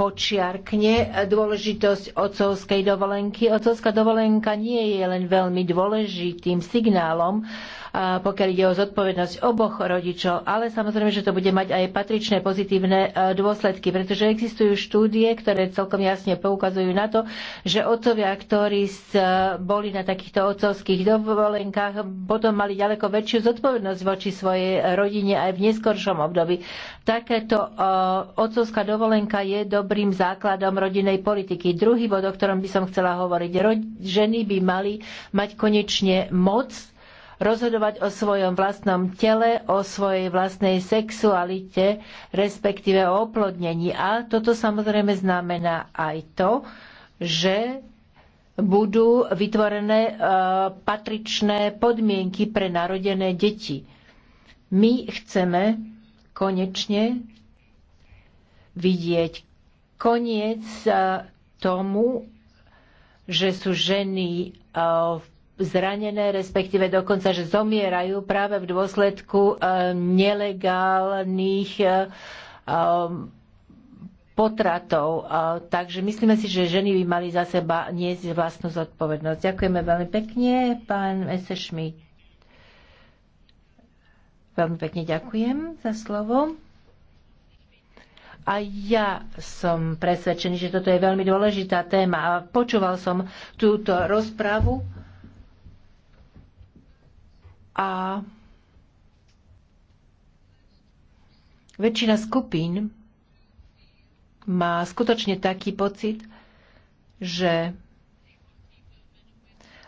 počiarkne dôležitosť otcovskej dovolenky. Otcovská dovolenka nie je len veľmi dôležitým signálom, pokiaľ ide o zodpovednosť oboch rodičov, ale samozrejme, že to bude mať aj patričné pozitívne e, dôsledky, pretože existujú štúdie, ktoré celkom jasne poukazujú na to, že otcovia, ktorí e, boli na takýchto otcovských dovolenkách, potom mali ďaleko väčšiu zodpovednosť voči svojej rodine aj v neskoršom období. Takéto e, otcovská dovolenka je dobrým základom rodinnej politiky. Druhý bod, o ktorom by som chcela hovoriť, ženy by mali mať konečne moc rozhodovať o svojom vlastnom tele, o svojej vlastnej sexualite, respektíve o oplodnení. A toto samozrejme znamená aj to, že budú vytvorené e, patričné podmienky pre narodené deti. My chceme konečne vidieť koniec e, tomu, že sú ženy e, v zranené, respektíve dokonca, že zomierajú práve v dôsledku e, nelegálnych e, e, potratov. Takže myslíme si, že ženy by mali za seba niesť vlastnú zodpovednosť. Ďakujeme veľmi pekne, pán Esešmi. Veľmi pekne ďakujem za slovo. A ja som presvedčený, že toto je veľmi dôležitá téma. A počúval som túto rozpravu a väčšina skupín má skutočne taký pocit, že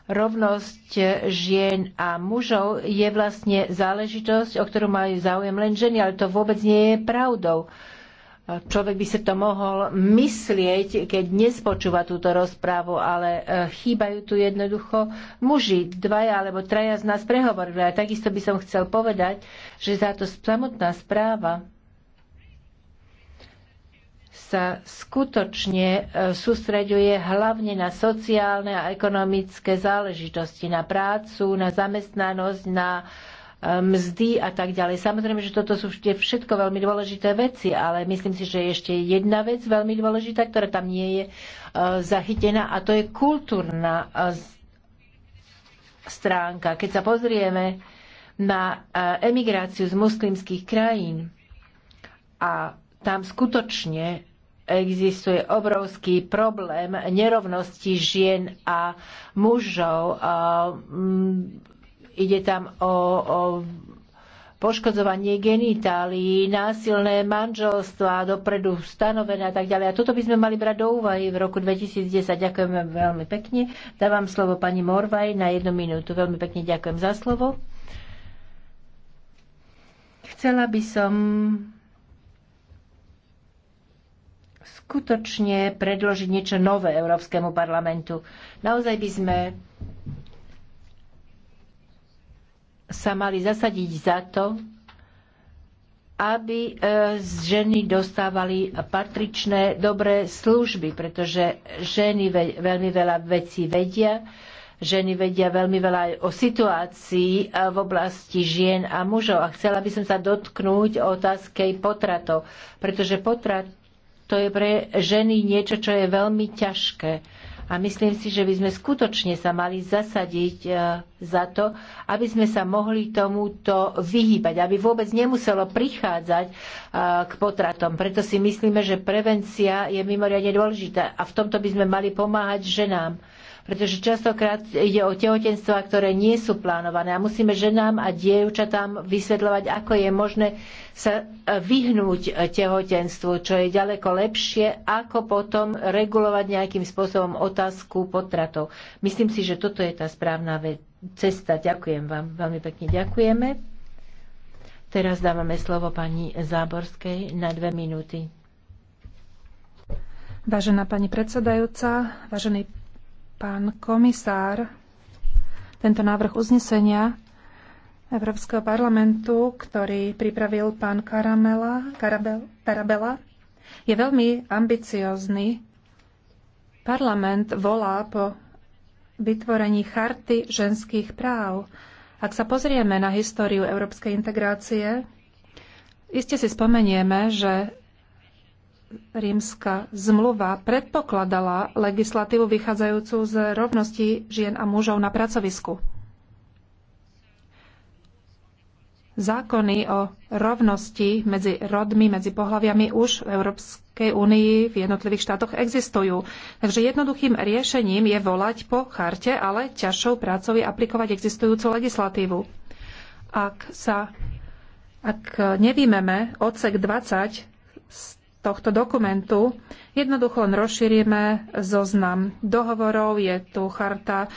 rovnosť žien a mužov je vlastne záležitosť, o ktorú majú záujem len ženy, ale to vôbec nie je pravdou. Človek by si to mohol myslieť, keď dnes počúva túto rozprávu, ale e, chýbajú tu jednoducho muži. Dvaja alebo traja z nás prehovorili. A takisto by som chcel povedať, že táto samotná správa sa skutočne e, sústreďuje hlavne na sociálne a ekonomické záležitosti, na prácu, na zamestnanosť, na uh, mzdy a tak ďalej. Samozrejme, že toto sú všetko veľmi dôležité veci, ale myslím si, že je ešte jedna vec veľmi dôležitá, ktorá tam nie je e, zachytená a to je kultúrna e, stránka. Keď sa pozrieme na e, emigráciu z muslimských krajín a tam skutočne existuje obrovský problém nerovnosti žien a mužov. Ide tam o, o poškodzovanie genitálií, násilné manželstva, dopredu stanovené a tak ďalej. A toto by sme mali brať do úvahy v roku 2010. Ďakujeme veľmi pekne. Dávam slovo pani Morvaj na jednu minútu. Veľmi pekne ďakujem za slovo. Chcela by som skutočne predložiť niečo nové Európskemu parlamentu. Naozaj by sme sa mali zasadiť za to, aby e, ženy dostávali patričné dobré služby, pretože ženy veľmi veľa vecí vedia, ženy vedia veľmi veľa aj o situácii e, v oblasti žien a mužov. A chcela by som sa dotknúť o potratov, pretože potrat to je pre ženy niečo, čo je veľmi ťažké a myslím si, že by sme skutočne sa mali zasadiť e, za to, aby sme sa mohli tomuto vyhýbať, aby vôbec nemuselo prichádzať e, k potratom. Preto si myslíme, že prevencia je mimoriadne dôležitá a v tomto by sme mali pomáhať ženám pretože častokrát ide o tehotenstva, ktoré nie sú plánované a musíme ženám a dievčatám vysvetľovať, ako je možné sa vyhnúť tehotenstvu, čo je ďaleko lepšie, ako potom regulovať nejakým spôsobom otázku potratov. Myslím si, že toto je tá správna cesta. Ďakujem vám. Veľmi pekne ďakujeme. Teraz dávame slovo pani Záborskej na dve minúty. Vážená pani predsedajúca, vážený Pán komisár, tento návrh uznesenia Európskeho parlamentu, ktorý pripravil pán Karamela, Karabel, Karabela, je veľmi ambiciózny. Parlament volá po vytvorení charty ženských práv. Ak sa pozrieme na históriu európskej integrácie, iste si spomenieme, že rímska zmluva predpokladala legislatívu vychádzajúcu z rovnosti žien a mužov na pracovisku. Zákony o rovnosti medzi rodmi, medzi pohľaviami už v Európskej únii v jednotlivých štátoch existujú. Takže jednoduchým riešením je volať po charte, ale ťažšou prácou je aplikovať existujúcu legislatívu. Ak sa ak nevímeme odsek 20 tohto dokumentu. Jednoducho len rozšírime zoznam dohovorov, je tu charta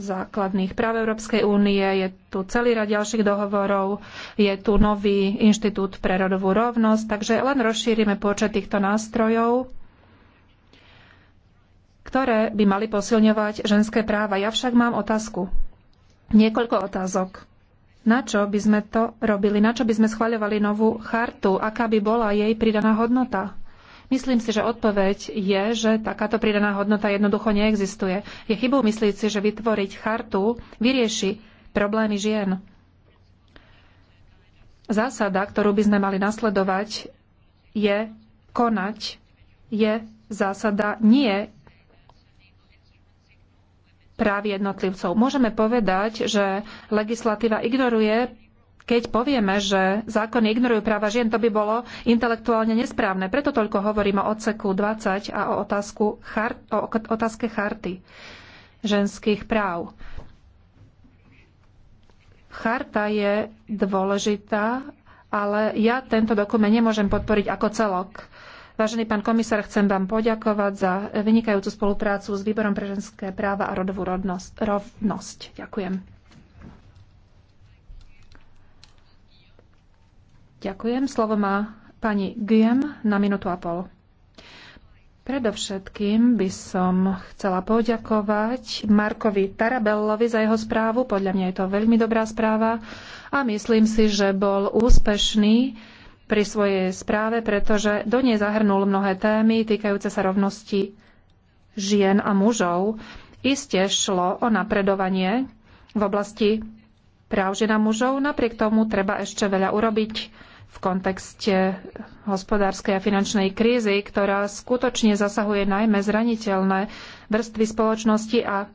základných práv Európskej únie, je tu celý rad ďalších dohovorov, je tu nový inštitút pre rodovú rovnosť, takže len rozšírime počet týchto nástrojov, ktoré by mali posilňovať ženské práva. Ja však mám otázku. Niekoľko otázok. Na čo by sme to robili? Na čo by sme schvaľovali novú chartu? Aká by bola jej pridaná hodnota? Myslím si, že odpoveď je, že takáto pridaná hodnota jednoducho neexistuje. Je chybou myslieť si, že vytvoriť chartu vyrieši problémy žien. Zásada, ktorú by sme mali nasledovať, je konať, je zásada nie práv jednotlivcov. Môžeme povedať, že legislatíva ignoruje keď povieme, že zákony ignorujú práva žien, to by bolo intelektuálne nesprávne. Preto toľko hovorím o odseku 20 a o, otázku chart, o otázke charty ženských práv. Charta je dôležitá, ale ja tento dokument nemôžem podporiť ako celok. Vážený pán komisár, chcem vám poďakovať za vynikajúcu spoluprácu s Výborom pre ženské práva a rodovú rovnosť. Ďakujem. Ďakujem. Slovo má pani Guillem na minútu a pol. Predovšetkým by som chcela poďakovať Markovi Tarabellovi za jeho správu. Podľa mňa je to veľmi dobrá správa a myslím si, že bol úspešný pri svojej správe, pretože do nej zahrnul mnohé témy týkajúce sa rovnosti žien a mužov. Isté šlo o napredovanie v oblasti práv žien a mužov, napriek tomu treba ešte veľa urobiť v kontexte hospodárskej a finančnej krízy, ktorá skutočne zasahuje najmä zraniteľné vrstvy spoločnosti a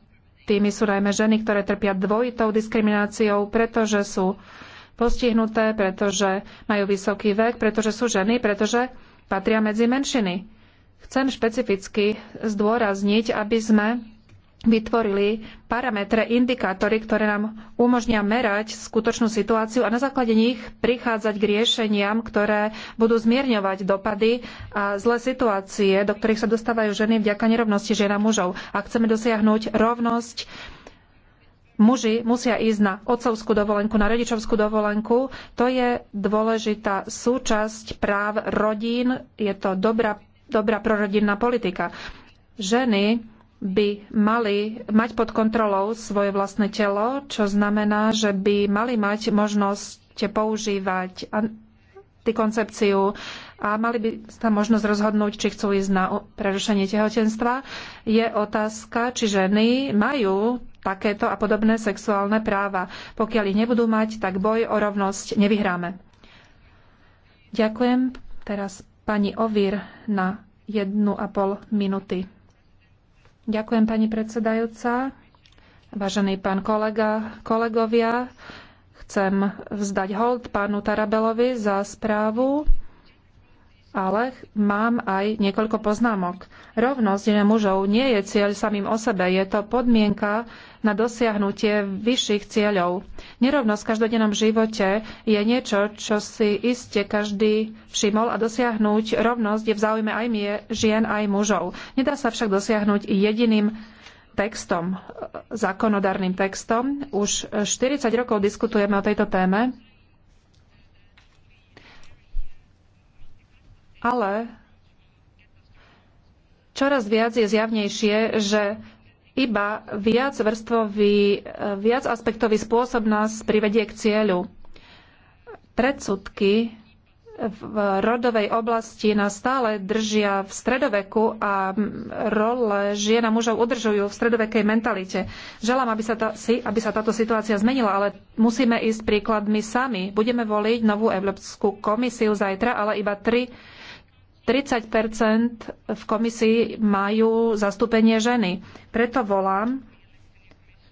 tými sú najmä ženy, ktoré trpia dvojitou diskrimináciou, pretože sú postihnuté, pretože majú vysoký vek, pretože sú ženy, pretože patria medzi menšiny. Chcem špecificky zdôrazniť, aby sme vytvorili parametre, indikátory, ktoré nám umožnia merať skutočnú situáciu a na základe nich prichádzať k riešeniam, ktoré budú zmierňovať dopady a zlé situácie, do ktorých sa dostávajú ženy vďaka nerovnosti žien a mužov. A chceme dosiahnuť rovnosť muži musia ísť na otcovskú dovolenku, na rodičovskú dovolenku. To je dôležitá súčasť práv rodín. Je to dobrá, dobrá prorodinná politika. Ženy by mali mať pod kontrolou svoje vlastné telo, čo znamená, že by mali mať možnosť používať antikoncepciu a mali by sa možnosť rozhodnúť, či chcú ísť na prerušenie tehotenstva. Je otázka, či ženy majú takéto a podobné sexuálne práva. Pokiaľ ich nebudú mať, tak boj o rovnosť nevyhráme. Ďakujem teraz pani Ovír na jednu a pol minúty. Ďakujem pani predsedajúca. Vážený pán kolega, kolegovia, chcem vzdať hold pánu Tarabelovi za správu ale mám aj niekoľko poznámok. Rovnosť žien mužov nie je cieľ samým o sebe, je to podmienka na dosiahnutie vyšších cieľov. Nerovnosť v každodennom živote je niečo, čo si iste každý všimol a dosiahnuť rovnosť je v záujme aj mie, žien, aj mužov. Nedá sa však dosiahnuť jediným textom, zákonodárnym textom. Už 40 rokov diskutujeme o tejto téme Ale čoraz viac je zjavnejšie, že iba viacvrstvový, eh, viacaspektový spôsob nás privedie k cieľu. Predsudky v rodovej oblasti nás stále držia v stredoveku a role žien a mužov udržujú v stredovekej mentalite. Želám, aby sa, tá, si, aby sa táto situácia zmenila, ale musíme ísť príkladmi sami. Budeme voliť novú Európsku komisiu zajtra, ale iba tri 30 v komisii majú zastúpenie ženy. Preto volám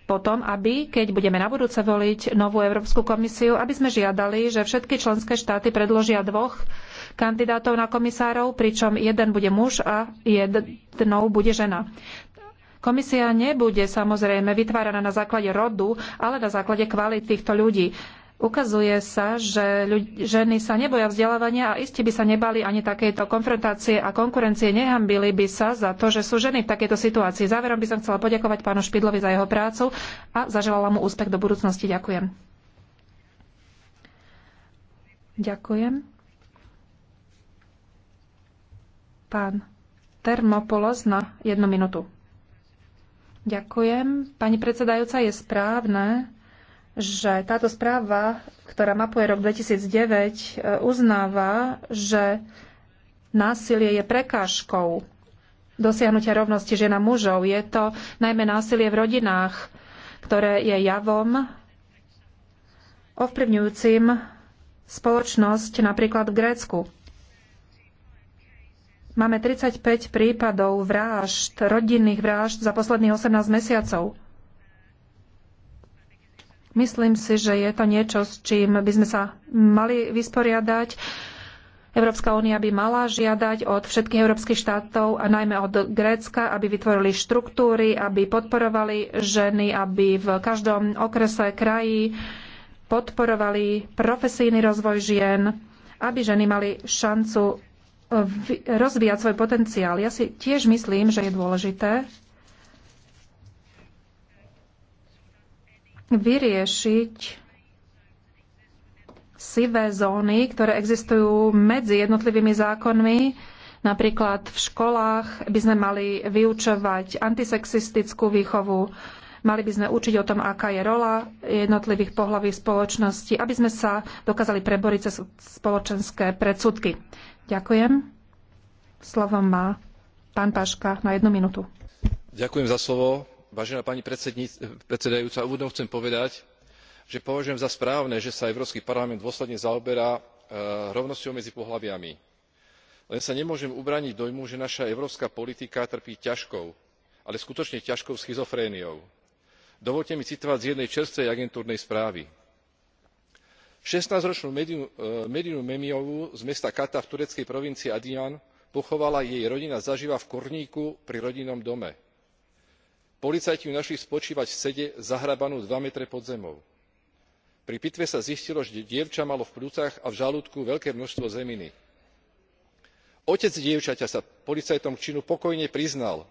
potom, aby, keď budeme na budúce voliť novú Európsku komisiu, aby sme žiadali, že všetky členské štáty predložia dvoch kandidátov na komisárov, pričom jeden bude muž a jednou bude žena. Komisia nebude samozrejme vytváraná na základe rodu, ale na základe kvality týchto ľudí. Ukazuje sa, že ženy sa neboja vzdelávania a iste by sa nebali ani takejto konfrontácie a konkurencie, nehambili by sa za to, že sú ženy v takejto situácii. Záverom by som chcela poďakovať pánu Špidlovi za jeho prácu a zaželala mu úspech do budúcnosti. Ďakujem. Ďakujem. Pán Termopolos na jednu minútu. Ďakujem. Pani predsedajúca, je správne, že táto správa, ktorá mapuje rok 2009, e, uznáva, že násilie je prekážkou dosiahnutia rovnosti žien a mužov. Je to najmä násilie v rodinách, ktoré je javom ovplyvňujúcim spoločnosť napríklad v Grécku. Máme 35 prípadov vražd, rodinných vražd za posledných 18 mesiacov. Myslím si, že je to niečo, s čím by sme sa mali vysporiadať. Európska únia by mala žiadať od všetkých európskych štátov a najmä od Grécka, aby vytvorili štruktúry, aby podporovali ženy, aby v každom okrese kraji podporovali profesijný rozvoj žien, aby ženy mali šancu rozvíjať svoj potenciál. Ja si tiež myslím, že je dôležité, vyriešiť sivé zóny, ktoré existujú medzi jednotlivými zákonmi. Napríklad v školách by sme mali vyučovať antisexistickú výchovu, mali by sme učiť o tom, aká je rola jednotlivých pohľaví spoločnosti, aby sme sa dokázali preboriť cez spoločenské predsudky. Ďakujem. Slovo má pán Paška na jednu minútu. Ďakujem za slovo vážená pani predsedajúca úvodom chcem povedať že považujem za správne že sa európsky parlament dôsledne zaoberá e, rovnosťou medzi pohlaviami len sa nemôžem ubrániť dojmu že naša európska politika trpí ťažkou ale skutočne ťažkou schizofréniou. dovoľte mi citovať z jednej čerstvej agentúrnej správy šestnásťročnú medinu e, memiovú z mesta kata v tureckej provincii Adian pochovala jej rodina zaživa v kurníku pri rodinnom dome policajti ju našli spočívať v sede zahrabanú dva metre pod zemou. pri pitve sa zistilo že dievča malo v pľúcach a v žalúdku veľké množstvo zeminy. otec dievčaťa sa policajtom k činu pokojne priznal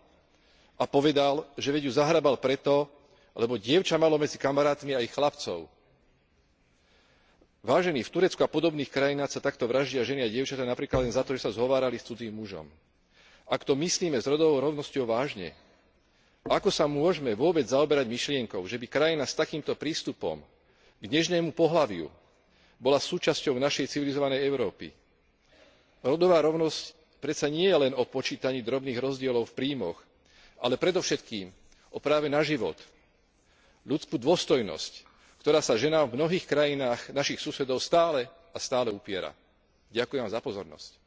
a povedal že veď ju zahrabal preto lebo dievča malo medzi kamarátmi aj chlapcov. vážení v turecku a podobných krajinách sa takto vraždia ženy a dievčatá napríklad len za to že sa zhovárali s cudzím mužom. ak to myslíme s rodovou rovnosťou vážne ako sa môžeme vôbec zaoberať myšlienkou že by krajina s takýmto prístupom k nežnému pohlaviu bola súčasťou našej civilizovanej európy? rodová rovnosť predsa nie je len o počítaní drobných rozdielov v príjmoch ale predovšetkým o práve na život ľudskú dôstojnosť ktorá sa ženám v mnohých krajinách našich susedov stále a stále upiera. ďakujem vám za pozornosť.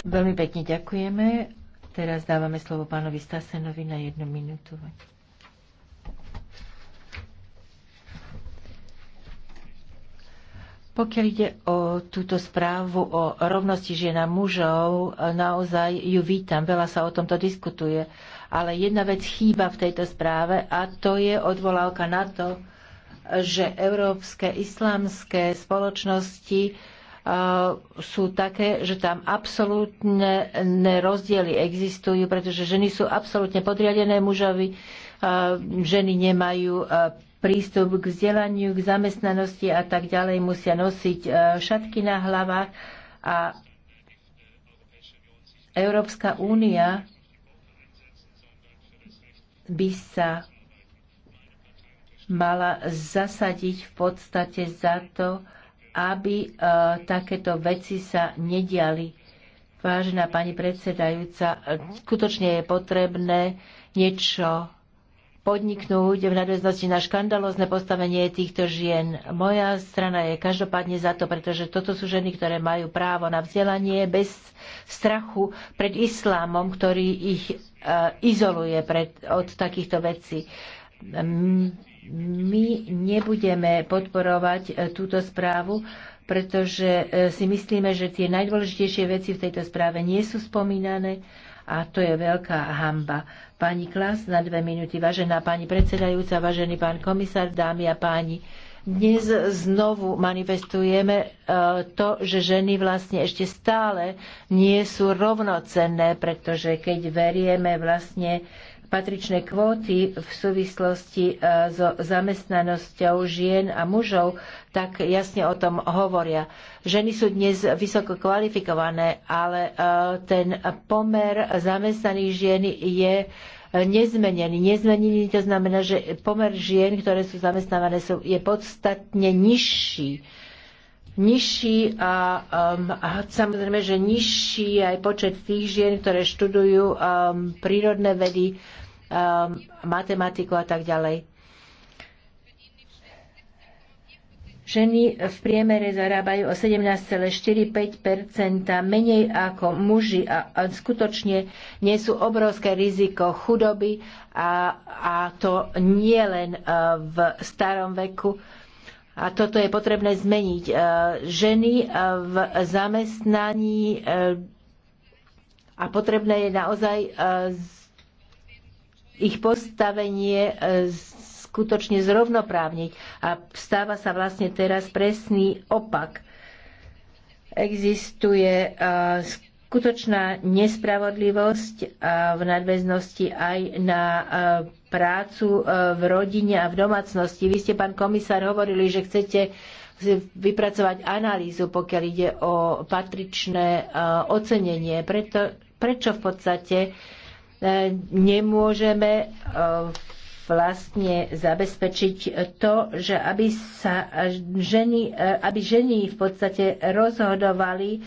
Veľmi pekne ďakujeme. Teraz dávame slovo pánovi Stassenovi na jednu minútu. Pokiaľ ide o túto správu o rovnosti žien a mužov, naozaj ju vítam, veľa sa o tomto diskutuje. Ale jedna vec chýba v tejto správe a to je odvolávka na to, že európske islamské spoločnosti e, sú také, že tam absolútne rozdiely existujú, pretože ženy sú absolútne podriadené mužovi, e, ženy nemajú e, prístup k vzdelaniu, k zamestnanosti a tak ďalej, musia nosiť šatky na hlavách a Európska únia by sa mala zasadiť v podstate za to, aby e, takéto veci sa nediali. Vážená pani predsedajúca, skutočne je potrebné niečo podniknúť v nadväznosti na škandalozne postavenie týchto žien. Moja strana je každopádne za to, pretože toto sú ženy, ktoré majú právo na vzdelanie bez strachu pred islámom, ktorý ich e, izoluje pred, od takýchto vecí my nebudeme podporovať e, túto správu, pretože e, si myslíme, že tie najdôležitejšie veci v tejto správe nie sú spomínané a to je veľká hamba. Pani Klas, na dve minúty. Vážená pani predsedajúca, vážený pán komisár, dámy a páni. Dnes znovu manifestujeme e, to, že ženy vlastne ešte stále nie sú rovnocenné, pretože keď verieme vlastne patričné kvóty v súvislosti e, so zamestnanosťou žien a mužov, tak jasne o tom hovoria. Ženy sú dnes vysoko kvalifikované, ale e, ten pomer zamestnaných žien je nezmenený. Nezmenený to znamená, že pomer žien, ktoré sú zamestnávané, je podstatne nižší nižší a, um, a samozrejme, že nižší aj počet tých žien, ktoré študujú um, prírodné vedy, um, matematiku a tak ďalej. Ženy v priemere zarábajú o 17,45 menej ako muži a, a skutočne sú obrovské riziko chudoby a, a to nie len uh, v starom veku, a toto je potrebné zmeniť. E, ženy e, v zamestnaní e, a potrebné je naozaj ich postavenie skutočne zrovnoprávniť. A stáva sa vlastne teraz presný opak. Existuje skutočná nespravodlivosť v nadväznosti aj na prácu e, v rodine a v domácnosti. Vy ste, pán komisár, hovorili, že chcete vypracovať analýzu, pokiaľ ide o patričné e, ocenenie. Preto, prečo v podstate e, nemôžeme v vlastne zabezpečiť to, že aby, sa ženy, eh, aby ženy v podstate rozhodovali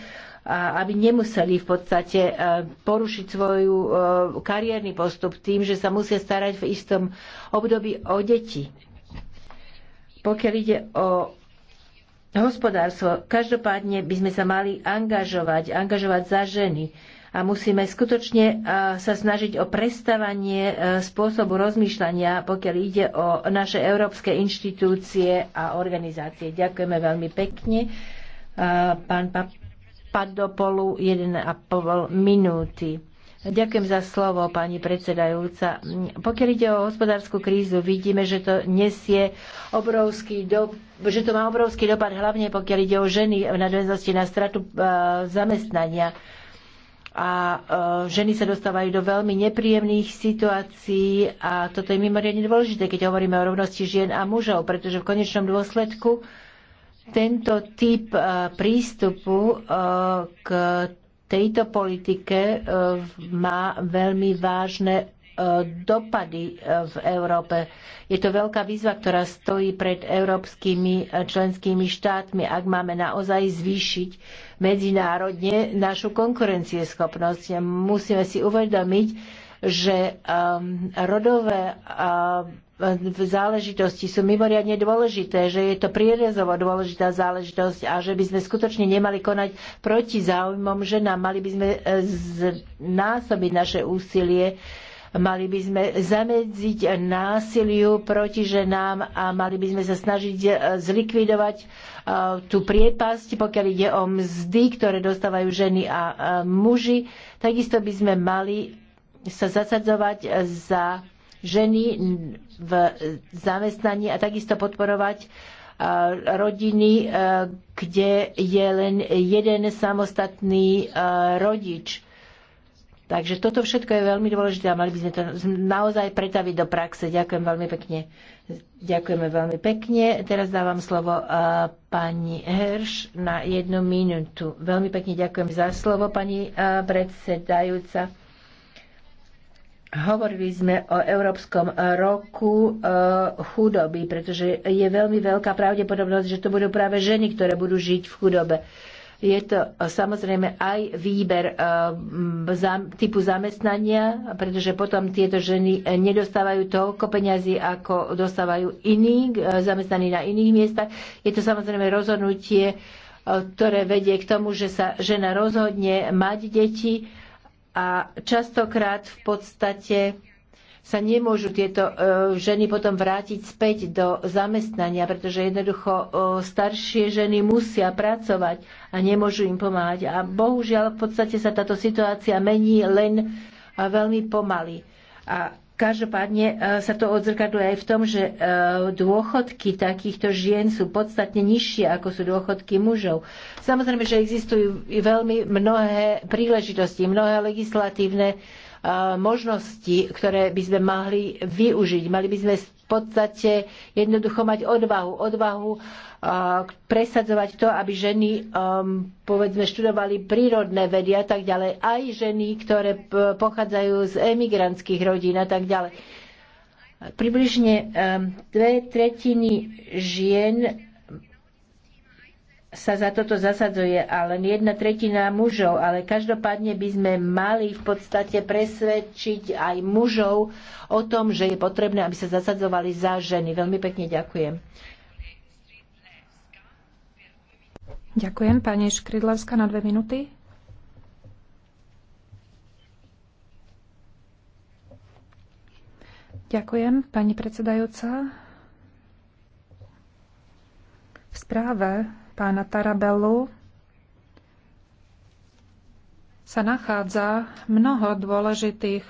a aby nemuseli v podstate eh, porušiť svoj eh, kariérny postup tým, že sa musia starať v istom období o deti. Pokiaľ ide o hospodárstvo, každopádne by sme sa mali angažovať, angažovať za ženy a musíme skutočne e, sa snažiť o prestávanie e, spôsobu rozmýšľania, pokiaľ ide o naše európske inštitúcie a organizácie. Ďakujeme veľmi pekne. E, pán Padopolu, 1,5 minúty. Ďakujem za slovo, pani predsedajúca. Pokiaľ ide o hospodárskú krízu, vidíme, že to nesie obrovský do, že to má obrovský dopad, hlavne pokiaľ ide o ženy v nadväznosti na stratu zamestnania a e, ženy sa dostávajú do veľmi nepríjemných situácií a toto je mimoriadne dôležité, keď hovoríme o rovnosti žien a mužov, pretože v konečnom dôsledku tento typ e, prístupu e, k tejto politike má veľmi vážne dopady e, v Európe. Je to veľká výzva, ktorá stojí pred európskymi e, členskými štátmi, ak máme naozaj zvýšiť medzinárodne našu konkurencieschopnosť. Musíme si uvedomiť, že rodové v záležitosti sú mimoriadne dôležité, že je to prierezovo dôležitá záležitosť a že by sme skutočne nemali konať proti záujmom ženám. Mali by sme e, znásobiť naše úsilie Mali by sme zamedziť násiliu proti ženám a mali by sme sa snažiť e, zlikvidovať e, tú priepasť, pokiaľ ide o mzdy, ktoré dostávajú ženy a e, muži. Takisto by sme mali sa zasadzovať za ženy v zamestnaní a takisto podporovať rodiny, kde je len jeden samostatný rodič. Takže toto všetko je veľmi dôležité a mali by sme to naozaj pretaviť do praxe. Ďakujem veľmi pekne. Ďakujeme veľmi pekne. Teraz dávam slovo uh, pani Herš na jednu minútu. Veľmi pekne ďakujem za slovo, pani uh, predsedajúca. Hovorili sme o Európskom roku chudoby, pretože je veľmi veľká pravdepodobnosť, že to budú práve ženy, ktoré budú žiť v chudobe. Je to e, samozrejme aj výber e, typu zamestnania, pretože potom tieto ženy e, nedostávajú toľko peňazí, ako dostávajú iní, zamestnaní na iných miestach. Je to samozrejme rozhodnutie, ktoré vedie k tomu, že sa žena rozhodne mať deti a častokrát v podstate sa nemôžu tieto e, ženy potom vrátiť späť do zamestnania, pretože jednoducho e, staršie ženy musia pracovať a nemôžu im pomáhať. A bohužiaľ v podstate sa táto situácia mení len e, veľmi pomaly. A Každopádne sa to odzrkadluje aj v tom, že dôchodky takýchto žien sú podstatne nižšie, ako sú dôchodky mužov. Samozrejme, že existujú veľmi mnohé príležitosti, mnohé legislatívne možnosti, ktoré by sme mohli využiť. Mali by sme v podstate jednoducho mať odvahu. Odvahu presadzovať to, aby ženy, povedzme, študovali prírodné vedy a tak ďalej. Aj ženy, ktoré pochádzajú z emigrantských rodín a tak ďalej. Približne dve tretiny žien sa za toto zasadzuje a len jedna tretina mužov, ale každopádne by sme mali v podstate presvedčiť aj mužov o tom, že je potrebné, aby sa zasadzovali za ženy. Veľmi pekne ďakujem. Ďakujem. Pani Škridlavská na dve minúty. Ďakujem, pani predsedajúca. V správe pána Tarabellu sa nachádza mnoho dôležitých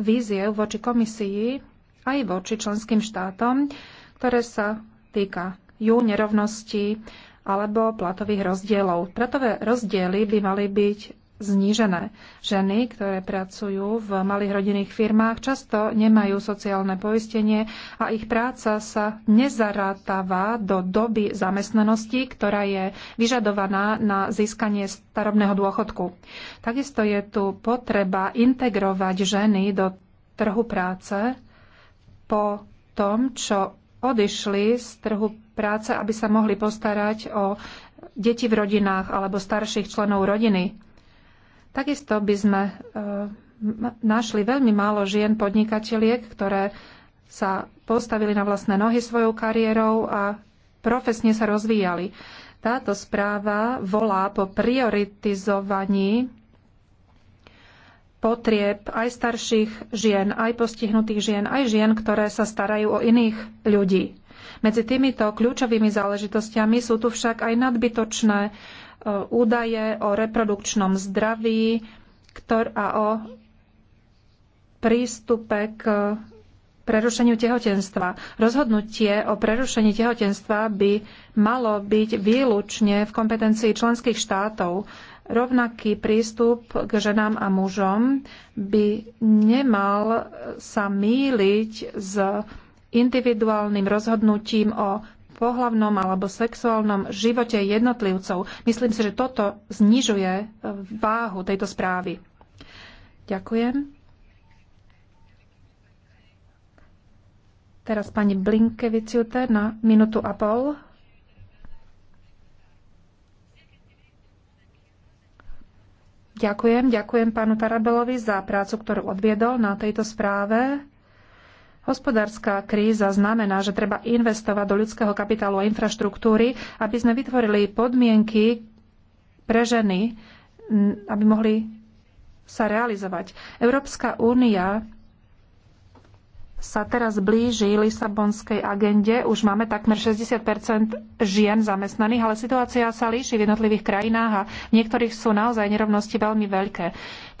víziev voči komisii aj voči členským štátom, ktoré sa týka ju nerovnosti alebo platových rozdielov. Platové rozdiely by mali byť znížené. Ženy, ktoré pracujú v malých rodinných firmách, často nemajú sociálne poistenie a ich práca sa nezarátava do doby zamestnanosti, ktorá je vyžadovaná na získanie starobného dôchodku. Takisto je tu potreba integrovať ženy do trhu práce po tom, čo odišli z trhu práce, aby sa mohli postarať o deti v rodinách alebo starších členov rodiny Takisto by sme e, našli veľmi málo žien podnikateliek, ktoré sa postavili na vlastné nohy svojou kariérou a profesne sa rozvíjali. Táto správa volá po prioritizovaní potrieb aj starších žien, aj postihnutých žien, aj žien, ktoré sa starajú o iných ľudí. Medzi týmito kľúčovými záležitostiami sú tu však aj nadbytočné E, údaje o reprodukčnom zdraví ktor- a o prístupe k prerušeniu tehotenstva. Rozhodnutie o prerušení tehotenstva by malo byť výlučne v kompetencii členských štátov. Rovnaký prístup k ženám a mužom by nemal sa míliť s individuálnym rozhodnutím o pohlavnom alebo sexuálnom živote jednotlivcov. Myslím si, že toto znižuje e, váhu tejto správy. Ďakujem. Teraz pani Blinkeviciute na minútu a pol. Ďakujem, ďakujem pánu Tarabelovi za prácu, ktorú odviedol na tejto správe. Hospodárska kríza znamená, že treba investovať do ľudského kapitálu a infraštruktúry, aby sme vytvorili podmienky pre ženy, mm, aby mohli sa realizovať. Európska únia sa teraz blíži Lisabonskej agende. Už máme takmer 60 žien zamestnaných, ale situácia sa líši v jednotlivých krajinách a v niektorých sú naozaj nerovnosti veľmi veľké.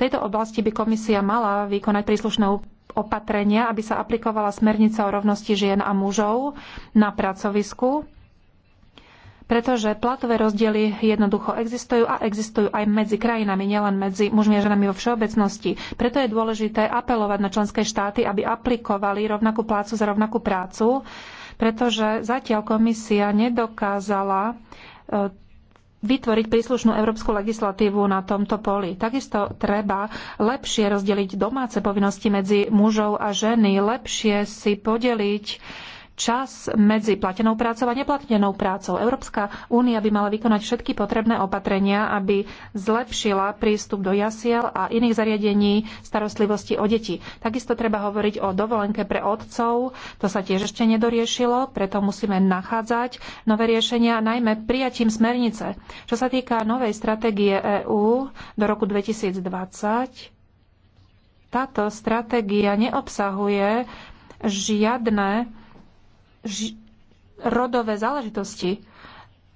V tejto oblasti by komisia mala vykonať príslušnú opatrenia, aby sa aplikovala smernica o rovnosti žien a mužov na pracovisku, pretože platové rozdiely jednoducho existujú a existujú aj medzi krajinami, nielen medzi mužmi a ženami vo všeobecnosti. Preto je dôležité apelovať na členské štáty, aby aplikovali rovnakú plácu za rovnakú prácu, pretože zatiaľ komisia nedokázala e, vytvoriť príslušnú európsku legislatívu na tomto poli. Takisto treba lepšie rozdeliť domáce povinnosti medzi mužov a ženy, lepšie si podeliť čas medzi platenou prácou a neplatenou prácou. Európska únia by mala vykonať všetky potrebné opatrenia, aby zlepšila prístup do jasiel a iných zariadení starostlivosti o deti. Takisto treba hovoriť o dovolenke pre otcov. To sa tiež ešte nedoriešilo, preto musíme nachádzať nové riešenia, najmä prijatím smernice. Čo sa týka novej stratégie EÚ do roku 2020, táto stratégia neobsahuje žiadne rodové záležitosti.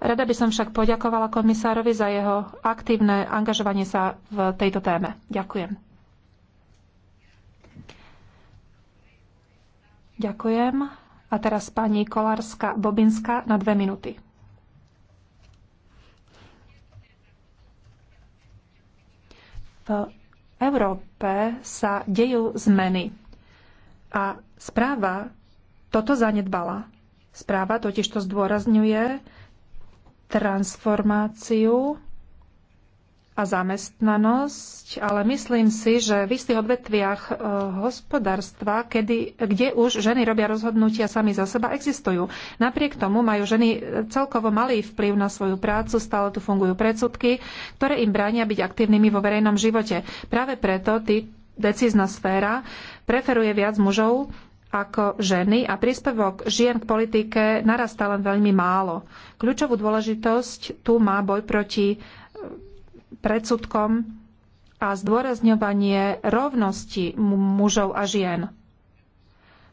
Rada by som však poďakovala komisárovi za jeho aktívne angažovanie sa v tejto téme. Ďakujem. Ďakujem. A teraz pani Kolárska Bobinska na dve minúty. V Európe sa dejú zmeny a správa toto zanedbala. Správa totiž to zdôrazňuje transformáciu a zamestnanosť, ale myslím si, že v istých odvetviach e, hospodárstva, kedy, kde už ženy robia rozhodnutia sami za seba, existujú. Napriek tomu majú ženy eh, celkovo malý vplyv na svoju prácu, stále tu fungujú predsudky, ktoré im bránia byť aktívnymi vo verejnom živote. Práve preto ty, decízna sféra preferuje viac mužov ako ženy a príspevok žien k politike narastá len veľmi málo. Kľúčovú dôležitosť tu má boj proti e, predsudkom a zdôrazňovanie rovnosti mužov a žien.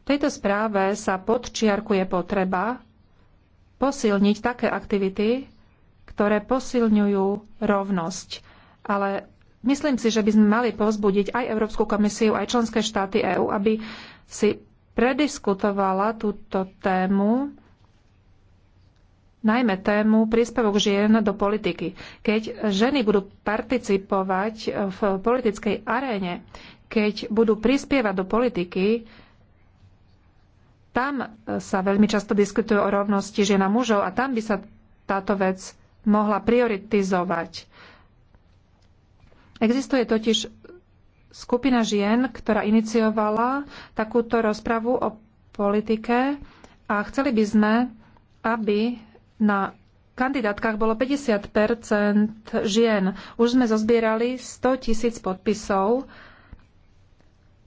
V tejto správe sa podčiarkuje potreba posilniť také aktivity, ktoré posilňujú rovnosť. Ale myslím si, že by sme mali pozbudiť aj Európsku komisiu, aj členské štáty EÚ, aby si prediskutovala túto tému, najmä tému príspevok žien do politiky. Keď ženy budú participovať v politickej aréne, keď budú prispievať do politiky, tam sa veľmi často diskutuje o rovnosti žien a mužov a tam by sa táto vec mohla prioritizovať. Existuje totiž skupina žien, ktorá iniciovala takúto rozpravu o politike a chceli by sme, aby na kandidátkach bolo 50 žien. Už sme zozbierali 100 tisíc podpisov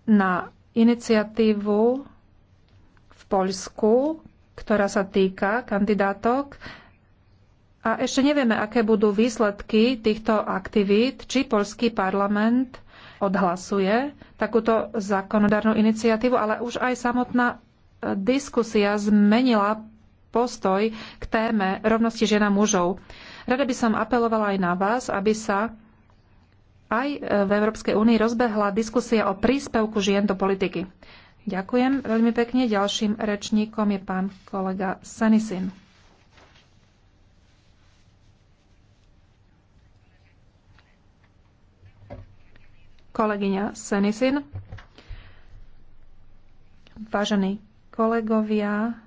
na iniciatívu v Poľsku, ktorá sa týka kandidátok. A ešte nevieme, aké budú výsledky týchto aktivít, či poľský parlament odhlasuje takúto zákonodárnu iniciatívu, ale už aj samotná e, diskusia zmenila postoj k téme rovnosti žena mužov. Rada by som apelovala aj na vás, aby sa aj e, v Európskej únii rozbehla diskusia o príspevku žien do politiky. Ďakujem veľmi pekne. Ďalším rečníkom je pán kolega Sanisin. kolegyňa Senisin. Vážení kolegovia,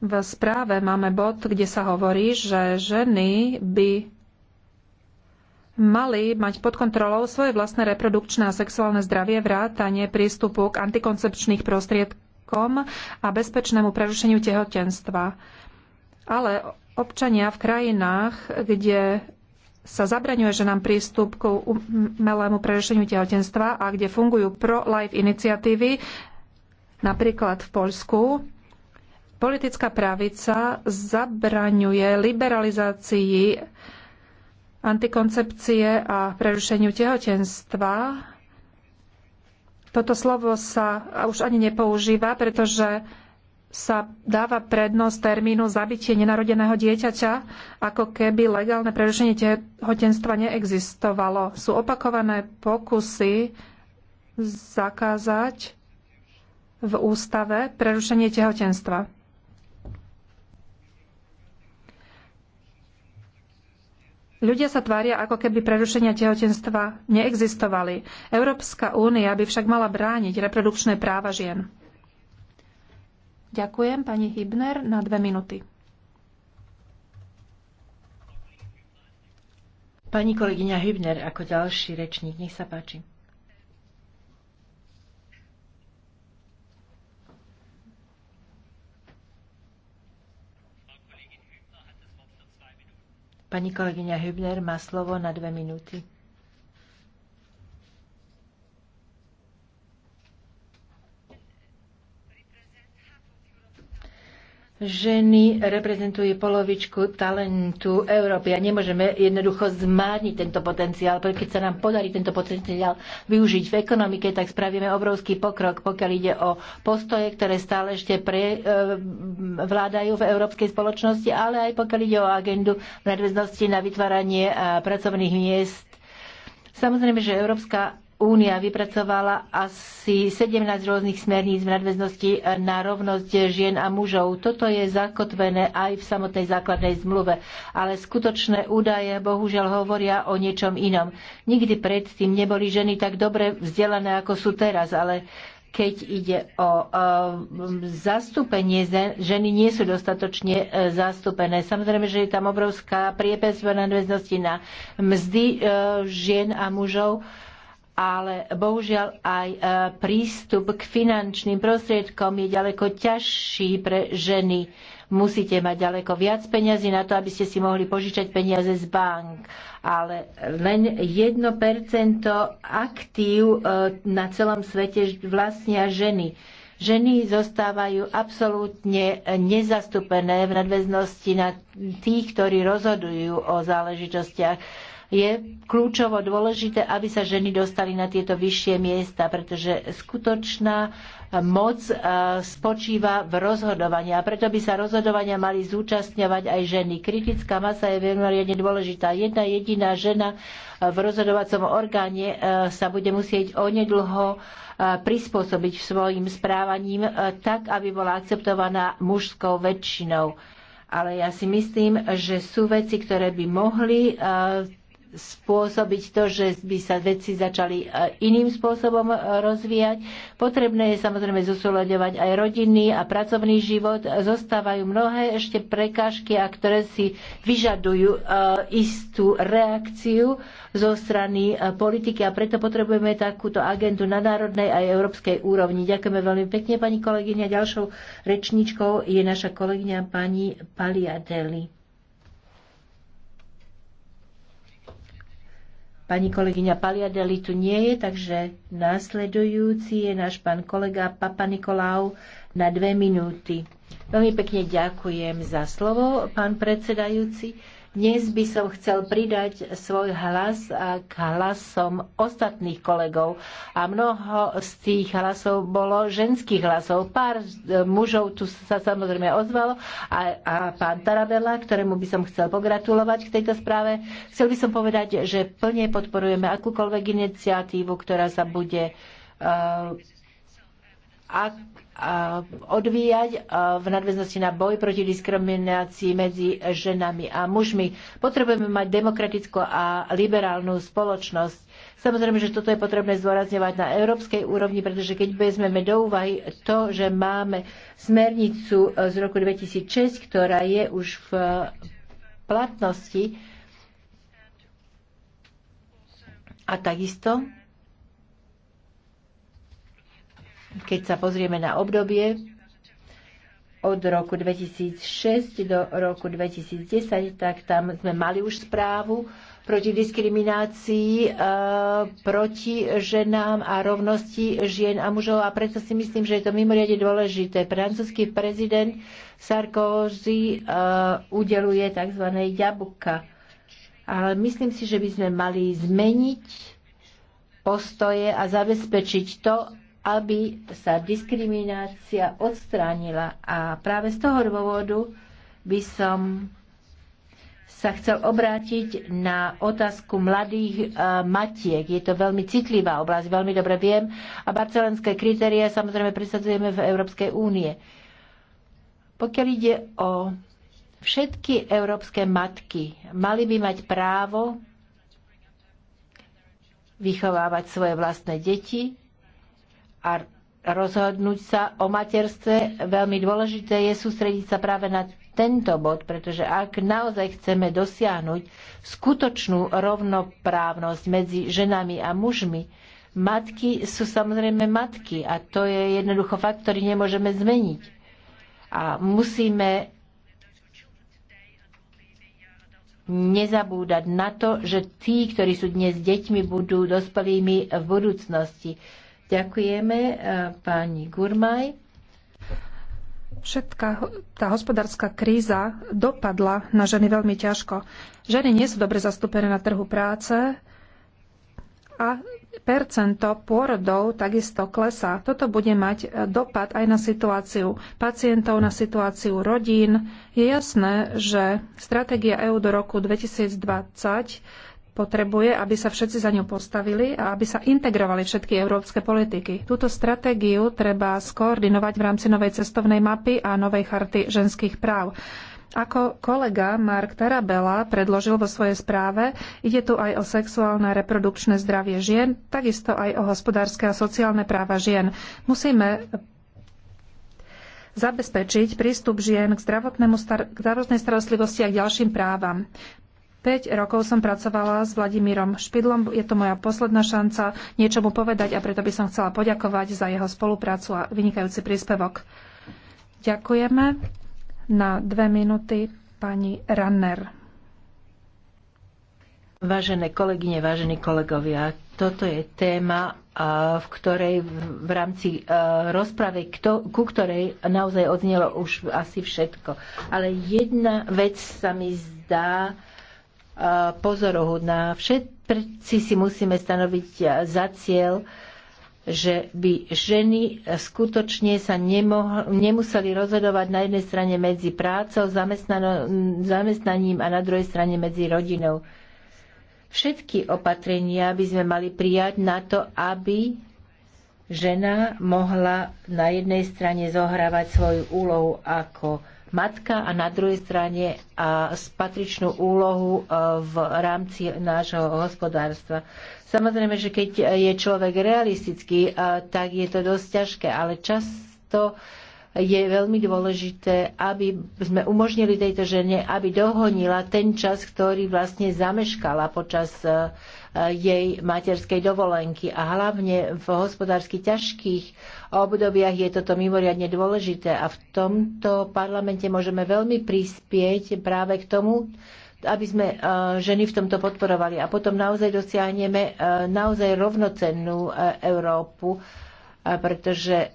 v správe máme bod, kde sa hovorí, že ženy by mali mať pod kontrolou svoje vlastné reprodukčné a sexuálne zdravie, vrátanie prístupu k antikoncepčných prostriedkom a bezpečnému prerušeniu tehotenstva. Ale občania v krajinách, kde sa zabraňuje ženám prístup k umelému prerušeniu tehotenstva a kde fungujú pro-life iniciatívy, napríklad v Poľsku, politická pravica zabraňuje liberalizácii antikoncepcie a prerušeniu tehotenstva. Toto slovo sa už ani nepoužíva, pretože sa dáva prednosť termínu zabitie nenarodeného dieťaťa, ako keby legálne prerušenie tehotenstva neexistovalo. Sú opakované pokusy zakázať v ústave prerušenie tehotenstva. Ľudia sa tvária, ako keby prerušenia tehotenstva neexistovali. Európska únia by však mala brániť reprodukčné práva žien. Ďakujem pani Hybner na dve minúty. Pani kolegyňa Hybner ako ďalší rečník, nech sa páči. Pani kolegyňa Hübner má slovo na dve minúty. Ženy reprezentujú polovičku talentu Európy a nemôžeme jednoducho zmárniť tento potenciál, pretože keď sa nám podarí tento potenciál využiť v ekonomike, tak spravíme obrovský pokrok, pokiaľ ide o postoje, ktoré stále ešte pre, e, vládajú v európskej spoločnosti, ale aj pokiaľ ide o agendu v nadväznosti na vytváranie pracovných miest Samozrejme, že Európska únia vypracovala asi 17 rôznych smerníc v nadväznosti na rovnosť žien a mužov. Toto je zakotvené aj v samotnej základnej zmluve, ale skutočné údaje bohužiaľ hovoria o niečom inom. Nikdy predtým neboli ženy tak dobre vzdelané, ako sú teraz, ale keď ide o e, zastúpenie, ženy nie sú dostatočne e, zastúpené. Samozrejme, že je tam obrovská priepesť v nadväznosti na mzdy e, žien a mužov ale bohužiaľ aj e, prístup k finančným prostriedkom je ďaleko ťažší pre ženy. Musíte mať ďaleko viac peniazy na to, aby ste si mohli požičať peniaze z bank, ale len 1% aktív e, na celom svete vlastnia ženy. Ženy zostávajú absolútne nezastúpené v nadväznosti na tých, ktorí rozhodujú o záležitostiach je kľúčovo dôležité, aby sa ženy dostali na tieto vyššie miesta, pretože skutočná moc eh, spočíva v rozhodovaní a preto by sa rozhodovania mali zúčastňovať aj ženy. Kritická masa je veľmi dôležitá. Jedna jediná žena eh, v rozhodovacom orgáne eh, sa bude musieť onedlho prispôsobiť svojim správaním tak, aby bola akceptovaná mužskou väčšinou ale ja si myslím, že sú veci, ktoré by mohli spôsobiť to, že by sa veci začali e, iným spôsobom e, rozvíjať. Potrebné je samozrejme zosúľadovať aj rodinný a pracovný život. Zostávajú mnohé ešte prekážky, a ktoré si vyžadujú e, istú reakciu zo strany politiky a preto potrebujeme takúto agendu na národnej aj európskej úrovni. Ďakujeme veľmi pekne, pani kolegyňa. Ďalšou rečničkou je naša kolegyňa pani Paliadeli. Pani kolegyňa Paliadeli tu nie je, takže následujúci je náš pán kolega Papa Nikolau na dve minúty. Veľmi pekne ďakujem za slovo, pán predsedajúci. Dnes by som chcel pridať svoj hlas k hlasom ostatných kolegov a mnoho z tých hlasov bolo ženských hlasov. Pár e, mužov tu sa samozrejme ozvalo a, a pán Tarabela, ktorému by som chcel pogratulovať k tejto správe, chcel by som povedať, že plne podporujeme akúkoľvek iniciatívu, ktorá sa bude uh, ak, odvíjať v nadväznosti na boj proti diskriminácii medzi ženami a mužmi. Potrebujeme mať demokratickú a liberálnu spoločnosť. Samozrejme, že toto je potrebné zdôrazňovať na európskej úrovni, pretože keď vezmeme do úvahy to, že máme smernicu e, z roku 2006, ktorá je už v e, platnosti, a takisto Keď sa pozrieme na obdobie od roku 2006 do roku 2010, tak tam sme mali už správu proti diskriminácii, e, proti ženám a rovnosti žien a mužov. A preto si myslím, že je to mimoriadne dôležité. Francúzsky prezident Sarkozy e, udeluje tzv. jabuka. Ale myslím si, že by sme mali zmeniť postoje a zabezpečiť to, aby sa diskriminácia odstránila. A práve z toho dôvodu by som sa chcel obrátiť na otázku mladých e, matiek. Je to veľmi citlivá oblasť, veľmi dobre viem. A barcelonské kritéria samozrejme presadzujeme v Európskej únie. Pokiaľ ide o všetky európske matky, mali by mať právo vychovávať svoje vlastné deti a rozhodnúť sa o materstve. Veľmi dôležité je sústrediť sa práve na tento bod, pretože ak naozaj chceme dosiahnuť skutočnú rovnoprávnosť medzi ženami a mužmi, matky sú samozrejme matky a to je jednoducho fakt, ktorý nemôžeme zmeniť. A musíme nezabúdať na to, že tí, ktorí sú dnes deťmi, budú dospelými v budúcnosti. Ďakujeme e, pani Gurmaj. Všetká tá hospodárska kríza dopadla na ženy veľmi ťažko. Ženy nie sú dobre zastúpené na trhu práce a percento pôrodov takisto klesá. Toto bude mať e, dopad aj na situáciu pacientov, na situáciu rodín. Je jasné, že stratégia EU do roku 2020 potrebuje, aby sa všetci za ňu postavili a aby sa integrovali všetky európske politiky. Túto stratégiu treba skoordinovať v rámci novej cestovnej mapy a novej charty ženských práv. Ako kolega Mark Tarabella predložil vo svojej správe, ide tu aj o sexuálne a reprodukčné zdravie žien, takisto aj o hospodárske a sociálne práva žien. Musíme zabezpečiť prístup žien k zdravotnej starostlivosti a k ďalším právam. 5 rokov som pracovala s Vladimírom Špidlom. Je to moja posledná šanca niečo mu povedať a preto by som chcela poďakovať za jeho spoluprácu a vynikajúci príspevok. Ďakujeme. Na dve minúty pani Ranner. Vážené kolegyne, vážení kolegovia, toto je téma, v ktorej v rámci e, rozprave, ku ktorej naozaj odznelo už asi všetko. Ale jedna vec sa mi zdá, pozorohodná. Všetci si musíme stanoviť za cieľ, že by ženy skutočne sa nemoh- nemuseli rozhodovať na jednej strane medzi prácou, zamestnaním a na druhej strane medzi rodinou. Všetky opatrenia by sme mali prijať na to, aby žena mohla na jednej strane zohrávať svoju úlohu ako matka a na druhej strane a patričnú úlohu e, v rámci nášho hospodárstva. Samozrejme, že keď je človek realistický, e, tak je to dosť ťažké, ale často je veľmi dôležité, aby sme umožnili tejto žene, aby dohonila ten čas, ktorý vlastne zameškala počas e, Eh, jej materskej dovolenky. A hlavne v hospodársky ťažkých obdobiach je toto mimoriadne dôležité a v tomto parlamente môžeme veľmi prispieť práve k tomu, aby sme eh, ženy v tomto podporovali. A potom naozaj dosiahneme eh, naozaj rovnocennú Európu, pretože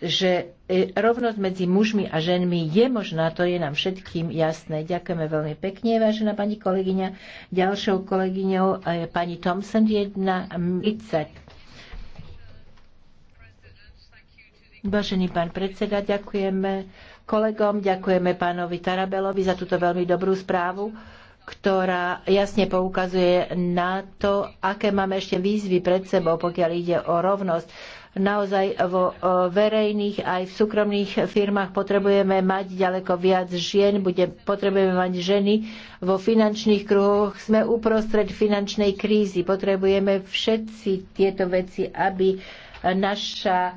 že e, rovnosť medzi mužmi a ženmi je možná, to je nám všetkým jasné. Ďakujeme veľmi pekne, vážená pani kolegyňa. Ďalšou kolegyňou je pani Thompson 1.30. Vážený pán predseda, ďakujeme kolegom, ďakujeme pánovi Tarabelovi za túto veľmi dobrú správu ktorá jasne poukazuje na to, aké máme ešte výzvy pred sebou, pokiaľ ide o rovnosť naozaj vo e, verejných aj v súkromných firmách potrebujeme mať ďaleko viac žien, bude, potrebujeme mať ženy vo finančných kruhoch. Sme uprostred finančnej krízy, potrebujeme všetci tieto veci, aby naša e,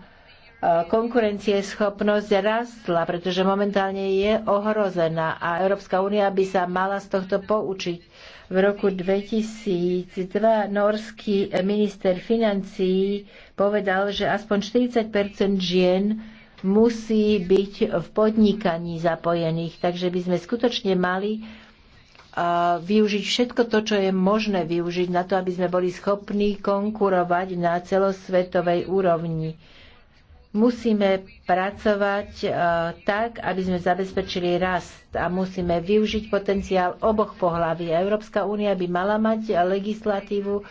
konkurencieschopnosť rastla, pretože momentálne je ohrozená a Európska únia by sa mala z tohto poučiť v roku 2002 norský minister financií povedal, že aspoň 40 žien musí byť v podnikaní zapojených. Takže by sme skutočne mali využiť všetko to, čo je možné využiť na to, aby sme boli schopní konkurovať na celosvetovej úrovni. Musíme pracovať e, tak, aby sme zabezpečili rast a musíme využiť potenciál oboch pohlaví. Európska únia by mala mať legislatívu,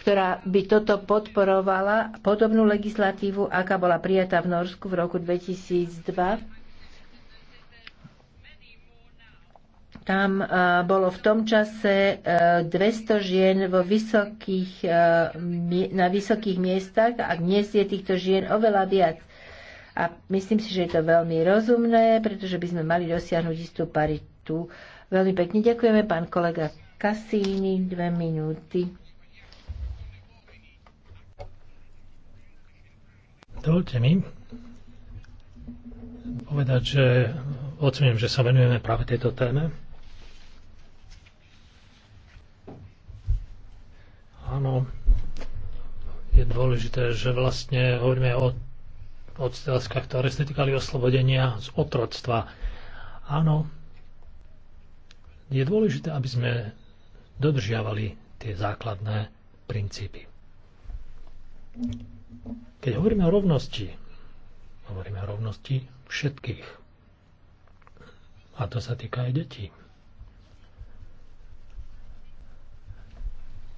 ktorá by toto podporovala, podobnú legislatívu, aká bola prijatá v Norsku v roku 2002 Tam e, bolo v tom čase 200 e, žien vo vysokých, e, na vysokých miestach a dnes je týchto žien oveľa viac. A myslím si, že je to veľmi rozumné, pretože by sme mali dosiahnuť istú paritu. Veľmi pekne ďakujeme, pán kolega Kasíny, dve minúty. Dovolte mi povedať, že ocením, že sa venujeme práve tejto téme. Áno, je dôležité, že vlastne hovoríme o odstavskách ktoré sa týkali oslobodenia z otroctva. Áno, je dôležité, aby sme dodržiavali tie základné princípy. Keď hovoríme o rovnosti, hovoríme o rovnosti všetkých. A to sa týka aj detí.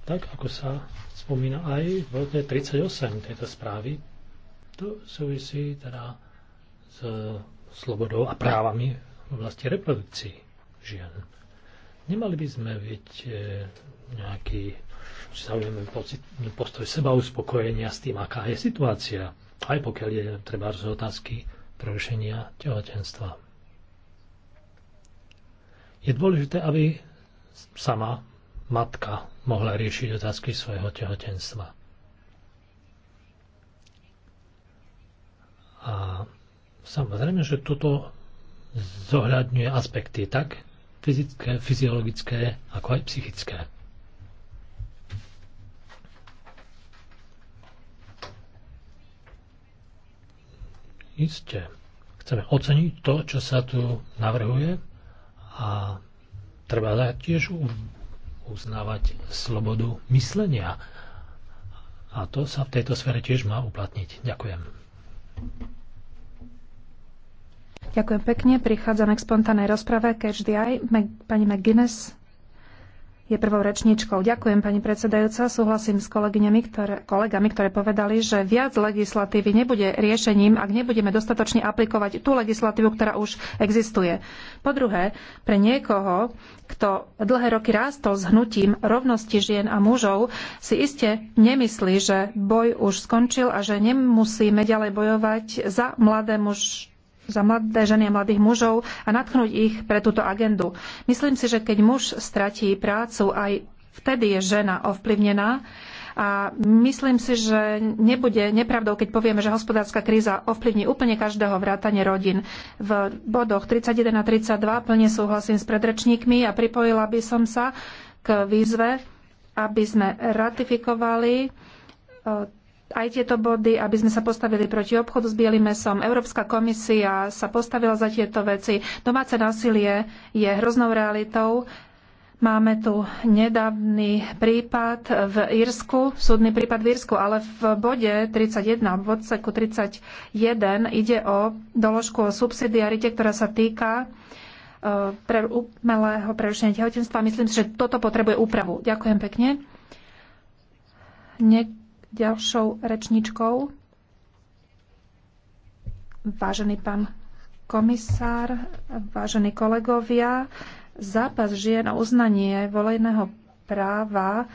tak ako sa spomína aj v roce 38 tejto správy. To súvisí teda s slobodou a právami v oblasti reprodukcií žien. Nemali by sme byť e, nejaký či postoj seba uspokojenia s tým, aká je situácia, aj pokiaľ je treba z otázky prerušenia tehotenstva. Je dôležité, aby sama matka mohla riešiť otázky svojho tehotenstva. A samozrejme, že toto zohľadňuje aspekty tak fyzické, fyziologické, ako aj psychické. Isté. Chceme oceniť to, čo sa tu navrhuje a treba tiež uznávať slobodu myslenia. A to sa v tejto sfere tiež má uplatniť. Ďakujem. Ďakujem pekne. Prichádzame k spontánnej rozprave. Catch the eye. Pani McGuinness je prvou rečníčkou. Ďakujem, pani predsedajúca. Súhlasím s kolegyňami, ktoré, kolegami, ktoré povedali, že viac legislatívy nebude riešením, ak nebudeme dostatočne aplikovať tú legislatívu, ktorá už existuje. Po druhé, pre niekoho, kto dlhé roky rástol s hnutím rovnosti žien a mužov, si iste nemyslí, že boj už skončil a že nemusíme ďalej bojovať za mladé muž za mladé ženy a mladých mužov a natknúť ich pre túto agendu. Myslím si, že keď muž stratí prácu, aj vtedy je žena ovplyvnená. A myslím si, že nebude nepravdou, keď povieme, že hospodárska kríza ovplyvní úplne každého vrátane rodín. V bodoch 31 a 32 plne súhlasím s predrečníkmi a pripojila by som sa k výzve, aby sme ratifikovali e, aj tieto body, aby sme sa postavili proti obchodu s bielým mesom. Európska komisia sa postavila za tieto veci. Domáce násilie je hroznou realitou. Máme tu nedávny prípad v Írsku, súdny prípad v Írsku, ale v bode 31, v odseku 31 ide o doložku o subsidiarite, ktorá sa týka e, pre umelého prerušenia tehotenstva. Myslím si, že toto potrebuje úpravu. Ďakujem pekne ďalšou rečničkou. Vážený pán komisár, vážení kolegovia, zápas žien o uznanie volejného práva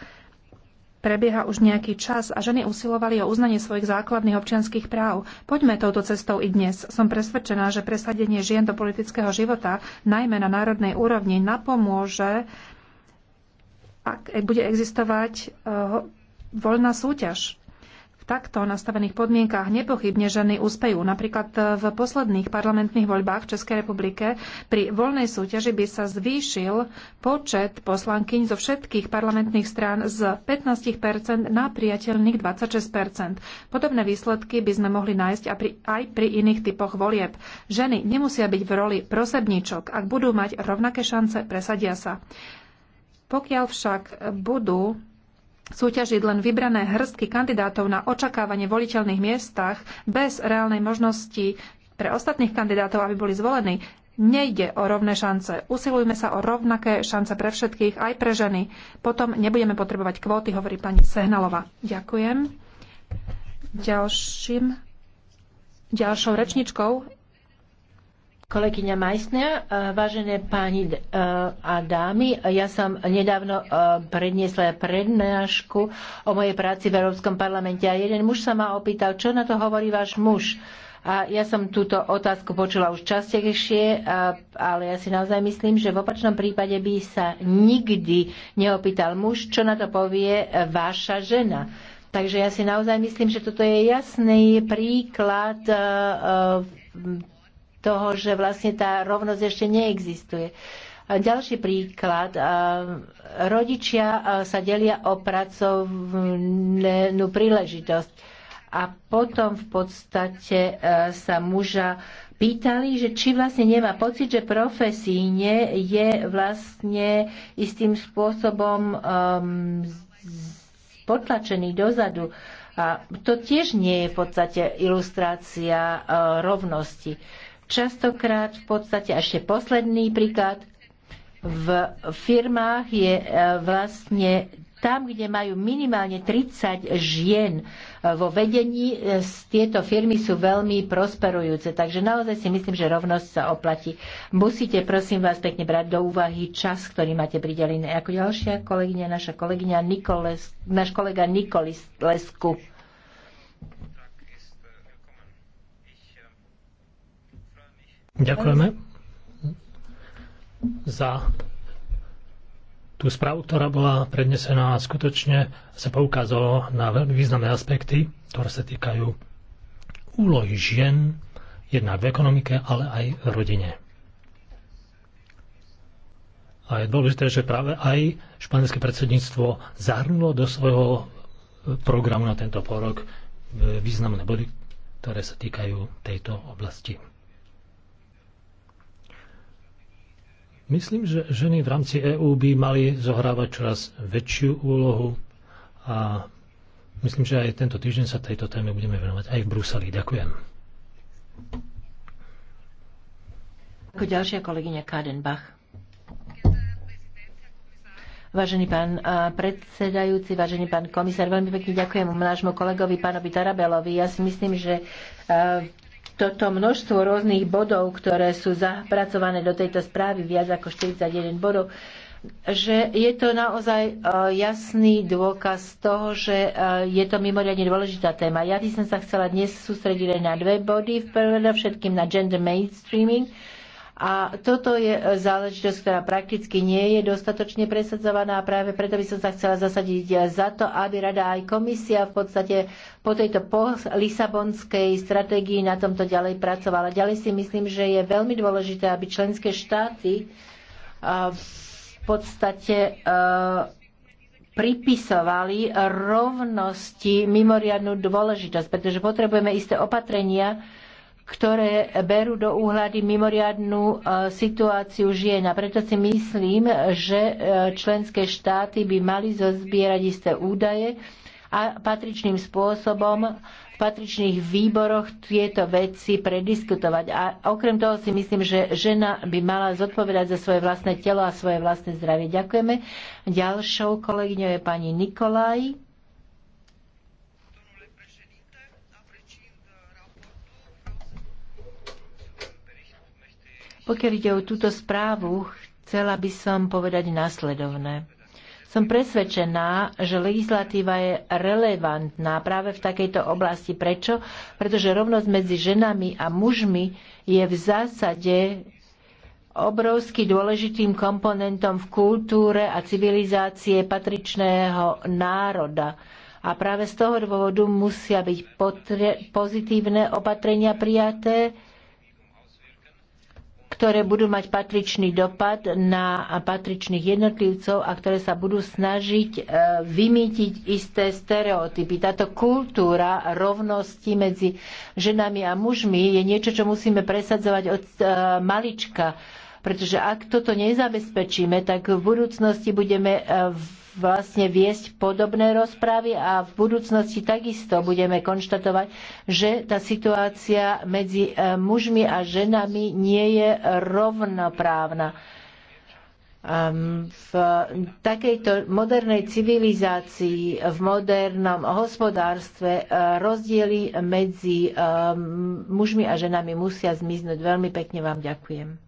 prebieha už nejaký čas a ženy usilovali o uznanie svojich základných občianských práv. Poďme touto cestou i dnes. Som presvedčená, že presadenie žien do politického života, najmä na národnej úrovni, napomôže, ak bude existovať eh, voľná súťaž. V takto nastavených podmienkách nepochybne ženy úspejú. Napríklad v posledných parlamentných voľbách v Českej republike pri voľnej súťaži by sa zvýšil počet poslankyň zo všetkých parlamentných strán z 15 na priateľných 26 Podobné výsledky by sme mohli nájsť aj pri iných typoch volieb. Ženy nemusia byť v roli prosebníčok. Ak budú mať rovnaké šance, presadia sa. Pokiaľ však budú súťažiť len vybrané hrstky kandidátov na očakávanie voliteľných miestach bez reálnej možnosti pre ostatných kandidátov, aby boli zvolení, Nejde o rovné šance. Usilujme sa o rovnaké šance pre všetkých, aj pre ženy. Potom nebudeme potrebovať kvóty, hovorí pani Sehnalova. Ďakujem. Ďalším, ďalšou rečničkou Kolegyňa Majsner, eh, vážené páni eh, a dámy, ja som nedávno eh, predniesla prednášku o mojej práci v Európskom parlamente a jeden muž sa ma opýtal, čo na to hovorí váš muž. A ja som túto otázku počula už častejšie, ale ja si naozaj myslím, že v opačnom prípade by sa nikdy neopýtal muž, čo na to povie vaša žena. Takže ja si naozaj myslím, že toto je jasný príklad toho, že vlastne tá rovnosť ešte neexistuje. Ďalší príklad. Rodičia sa delia o pracovnú príležitosť a potom v podstate e, sa muža pýtali, že či vlastne nemá pocit, že profesíne je vlastne istým spôsobom um, potlačený dozadu. A to tiež nie je v podstate ilustrácia uh, rovnosti. Uh, Častokrát v podstate ešte posledný príklad v firmách je e, vlastne tam, kde majú minimálne 30 žien e, vo vedení, e, tieto firmy sú veľmi prosperujúce. Takže naozaj si myslím, že rovnosť sa oplatí. Musíte, prosím vás, pekne brať do úvahy čas, ktorý máte pridelený. Ako ďalšia kolegyňa, naša kolegyňa Nikoles, náš kolega Nikolis Lesku. Ďakujeme za tú správu, ktorá bola prednesená a skutočne sa poukázalo na veľmi významné aspekty, ktoré sa týkajú úlohy žien, jednak v ekonomike, ale aj v rodine. A je dôležité, že práve aj španielské predsedníctvo zahrnulo do svojho programu na tento porok e, významné body, ktoré sa týkajú tejto oblasti. Myslím, že ženy v rámci EÚ by mali zohrávať čoraz väčšiu úlohu a myslím, že aj tento týždeň sa tejto téme budeme venovať aj v Bruseli. Ďakujem. Ako ďalšia kolegyňa Kadenbach. Vážený pán predsedajúci, vážený pán komisár, veľmi pekne ďakujem nášmu kolegovi, pánovi Tarabelovi. Ja si myslím, že toto množstvo rôznych bodov, ktoré sú zapracované do tejto správy, viac ako 41 bodov, že je to naozaj e, jasný dôkaz toho, že e, je to mimoriadne dôležitá téma. Ja by som sa chcela dnes sústrediť len na dve body, všetkým na gender mainstreaming, a toto je e, záležitosť, ktorá prakticky nie je dostatočne presadzovaná a práve preto by som sa chcela zasadiť e, za to, aby Rada aj komisia v podstate po tejto lisabonskej stratégii na tomto ďalej pracovala. Ďalej si myslím, že je veľmi dôležité, aby členské štáty e, v podstate pripisovali rovnosti mimoriadnú dôležitosť, pretože potrebujeme isté opatrenia, ktoré berú do úhľady mimoriadnú e, situáciu žien. A preto si myslím, že e, členské štáty by mali zozbierať isté údaje a patričným spôsobom v patričných výboroch tieto veci prediskutovať. A okrem toho si myslím, že žena by mala zodpovedať za svoje vlastné telo a svoje vlastné zdravie. Ďakujeme. Ďalšou kolegyňou je pani Nikolaj. Pokiaľ ide o túto správu, chcela by som povedať následovné. Som presvedčená, že legislatíva je relevantná práve v takejto oblasti. Prečo? Pretože rovnosť medzi ženami a mužmi je v zásade obrovsky dôležitým komponentom v kultúre a civilizácie patričného národa. A práve z toho dôvodu musia byť pozitívne opatrenia prijaté, ktoré budú mať patričný dopad na patričných jednotlivcov a ktoré sa budú snažiť e, vymýtiť isté stereotypy. Táto kultúra rovnosti medzi ženami a mužmi je niečo, čo musíme presadzovať od e, malička, pretože ak toto nezabezpečíme, tak v budúcnosti budeme e, v vlastne viesť podobné rozprávy a v budúcnosti takisto budeme konštatovať, že tá situácia medzi e, mužmi a ženami nie je rovnoprávna. Ehm, v takejto modernej civilizácii, v modernom hospodárstve e, rozdiely medzi e, mužmi a ženami musia zmiznúť. Veľmi pekne vám ďakujem.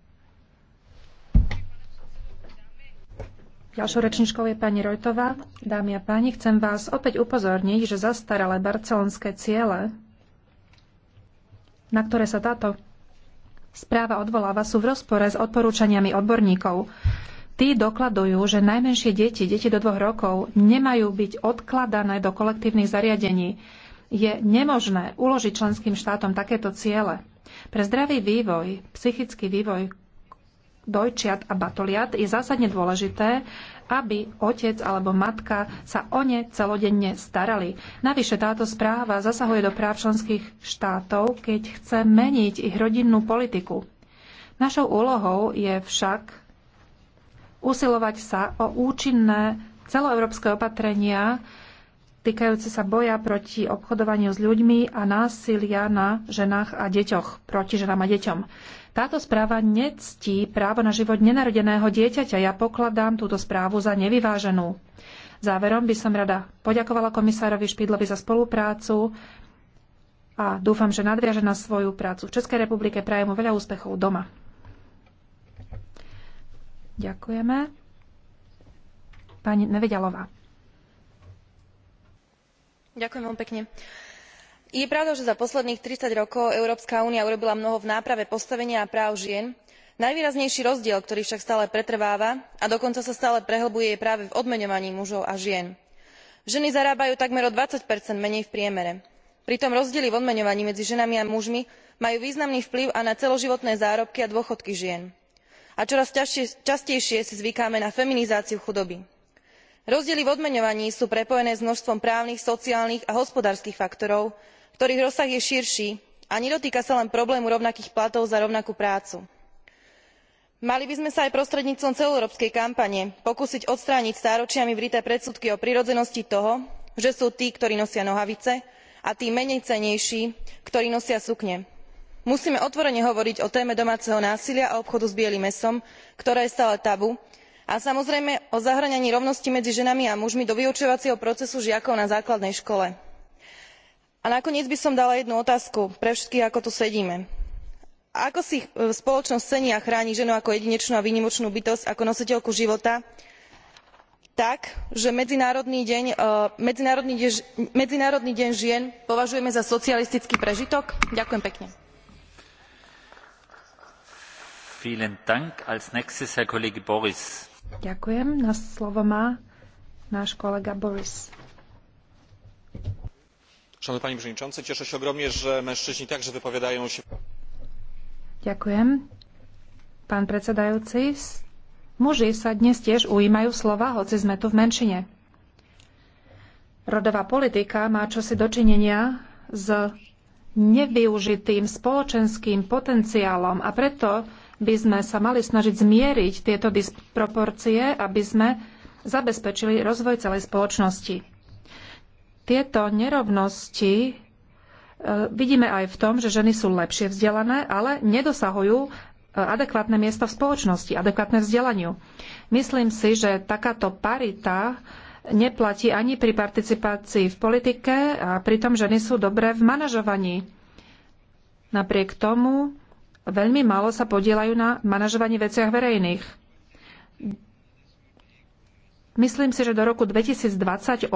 Ďalšou rečničkou je pani Rojtová. Dámy a páni, chcem vás opäť upozorniť, že zastaralé barcelonské ciele, na ktoré sa táto správa odvoláva, sú v rozpore s odporúčaniami odborníkov. Tí dokladujú, že najmenšie deti, deti do dvoch rokov, nemajú byť odkladané do kolektívnych zariadení. Je nemožné uložiť členským štátom takéto ciele. Pre zdravý vývoj, psychický vývoj dojčiat a batoliat, je zásadne dôležité, aby otec alebo matka sa o ne celodenne starali. Navyše táto správa zasahuje do práv členských štátov, keď chce meniť ich rodinnú politiku. Našou úlohou je však usilovať sa o účinné celoeurópske opatrenia týkajúce sa boja proti obchodovaniu s ľuďmi a násilia na ženách a deťoch, proti ženám a deťom. Táto správa nectí právo na život nenarodeného dieťaťa. Ja pokladám túto správu za nevyváženú. Záverom by som rada poďakovala komisárovi Špidlovi za spoluprácu a dúfam, že nadviaže na svoju prácu v Českej republike. Prajem mu veľa úspechov doma. Ďakujeme. Pani Nevedialová. Ďakujem veľmi pekne je pravdou že za posledných tridsať rokov európska únia urobila mnoho v náprave postavenia a práv žien najvýraznejší rozdiel ktorý však stále pretrváva a dokonca sa stále prehlbuje je práve v odmeňovaní mužov a žien. ženy zarábajú takmer o twenty menej v priemere. pritom rozdiely v odmeňovaní medzi ženami a mužmi majú významný vplyv aj na celoživotné zárobky a dôchodky žien. a čoraz častejšie si zvykáme na feminizáciu chudoby. rozdiely v odmeňovaní sú prepojené s množstvom právnych sociálnych a hospodárskych faktorov ktorých rozsah je širší a nedotýka sa len problému rovnakých platov za rovnakú prácu. mali by sme sa aj prostredníctvom celoeurópskej kampane pokúsiť odstrániť stáročiami vrité predsudky o prirodzenosti toho že sú tí ktorí nosia nohavice a tí menejcennejší ktorí nosia sukne. musíme otvorene hovoriť o téme domáceho násilia a obchodu s bielym mäsom ktoré je stále tabu a samozrejme o zahŕňaní rovnosti medzi ženami a mužmi do vyučovacieho procesu žiakov na základnej škole a nakoniec by som dala jednu otázku pre všetkých ako tu sedíme ako si e, spoločnosť cení a chráni ženu ako jedinečnú a výnimočnú bytosť ako nositeľku života tak že medzinárodný deň, e, žien považujeme za socialistický prežitok? ďakujem pekne. Na slovo má náš kolega Boris panie przewodniczący! cieszę się ogromnie że mężczyźni także wypowiadają się. muži sa dnes tiež ujímajú slova hoci sme tu v menšine. rodová politika má čosi dočinenia s nevyužitým spoločenským potenciálom a preto by sme sa mali snažiť zmieriť tieto disproporcie aby sme zabezpečili rozvoj celej spoločnosti. Tieto nerovnosti e, vidíme aj v tom, že ženy sú lepšie vzdelané, ale nedosahujú e, adekvátne miesto v spoločnosti, adekvátne vzdelaniu. Myslím si, že takáto parita neplatí ani pri participácii v politike a pri tom ženy sú dobré v manažovaní. Napriek tomu veľmi málo sa podielajú na manažovaní veciach verejných. Myslím si, že do roku 2028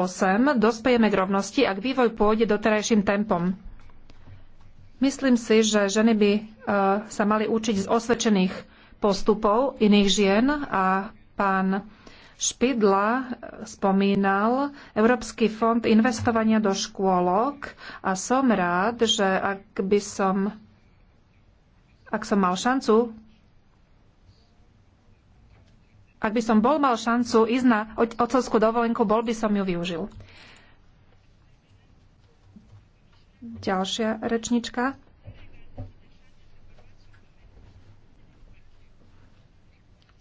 dospejeme k rovnosti, ak vývoj pôjde doterajším tempom. Myslím si, že ženy by e, sa mali učiť z osvedčených postupov iných žien a pán Špidla e, spomínal Európsky fond investovania do škôlok a som rád, že ak by som ak som mal šancu ak by som bol mal šancu ísť na otcovskú dovolenku, bol by som ju využil. Ďalšia rečnička.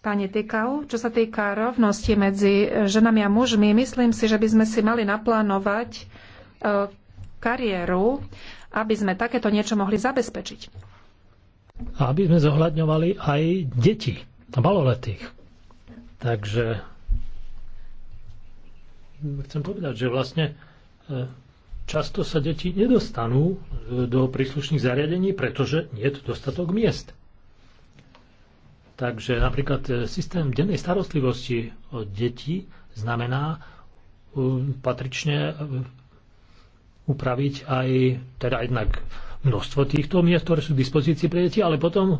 Pani Tykau, čo sa týka rovnosti medzi ženami a mužmi, myslím si, že by sme si mali naplánovať e, kariéru, aby sme takéto niečo mohli zabezpečiť. A aby sme zohľadňovali aj deti a maloletých. Takže chcem povedať, že vlastne e, často sa deti nedostanú e, do príslušných zariadení, pretože nie je dostatok miest. Takže napríklad e, systém dennej starostlivosti o deti znamená patrične upraviť aj teda jednak množstvo týchto miest, ktoré sú v dispozícii pre deti, ale potom e,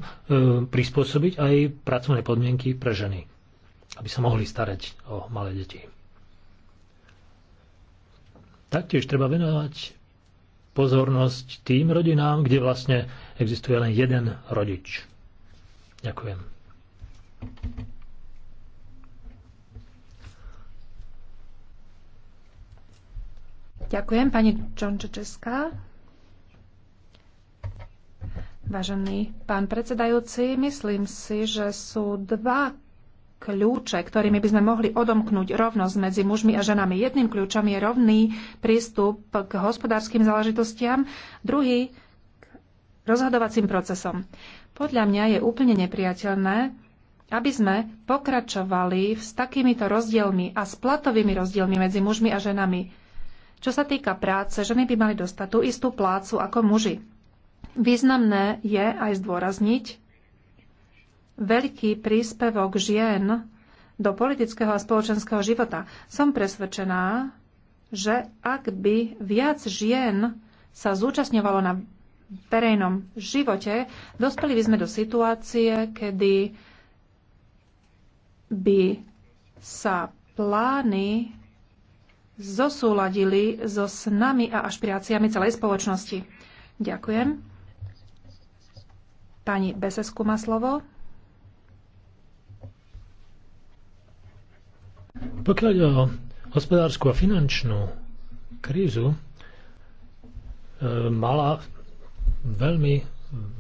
prispôsobiť aj pracovné podmienky pre ženy aby sa mohli starať o malé deti. Taktiež treba venovať pozornosť tým rodinám, kde vlastne existuje len jeden rodič. Ďakujem. Ďakujem, pani Čončečeská. Vážený pán predsedajúci, myslím si, že sú dva kľúče, ktorými by sme mohli odomknúť rovnosť medzi mužmi a ženami. Jedným kľúčom je rovný prístup k hospodárskym záležitostiam, druhý k rozhodovacím procesom. Podľa mňa je úplne nepriateľné, aby sme pokračovali s takýmito rozdielmi a s platovými rozdielmi medzi mužmi a ženami. Čo sa týka práce, ženy by mali dostať tú istú plácu ako muži. Významné je aj zdôrazniť, veľký príspevok žien do politického a spoločenského života. Som presvedčená, že ak by viac žien sa zúčastňovalo na verejnom živote, dospeli by sme do situácie, kedy by sa plány zosúladili so snami a ašpiráciami celej spoločnosti. Ďakujem. Pani Besesku má slovo. Pokiaľ o hospodárskú a finančnú krízu, e, mala veľmi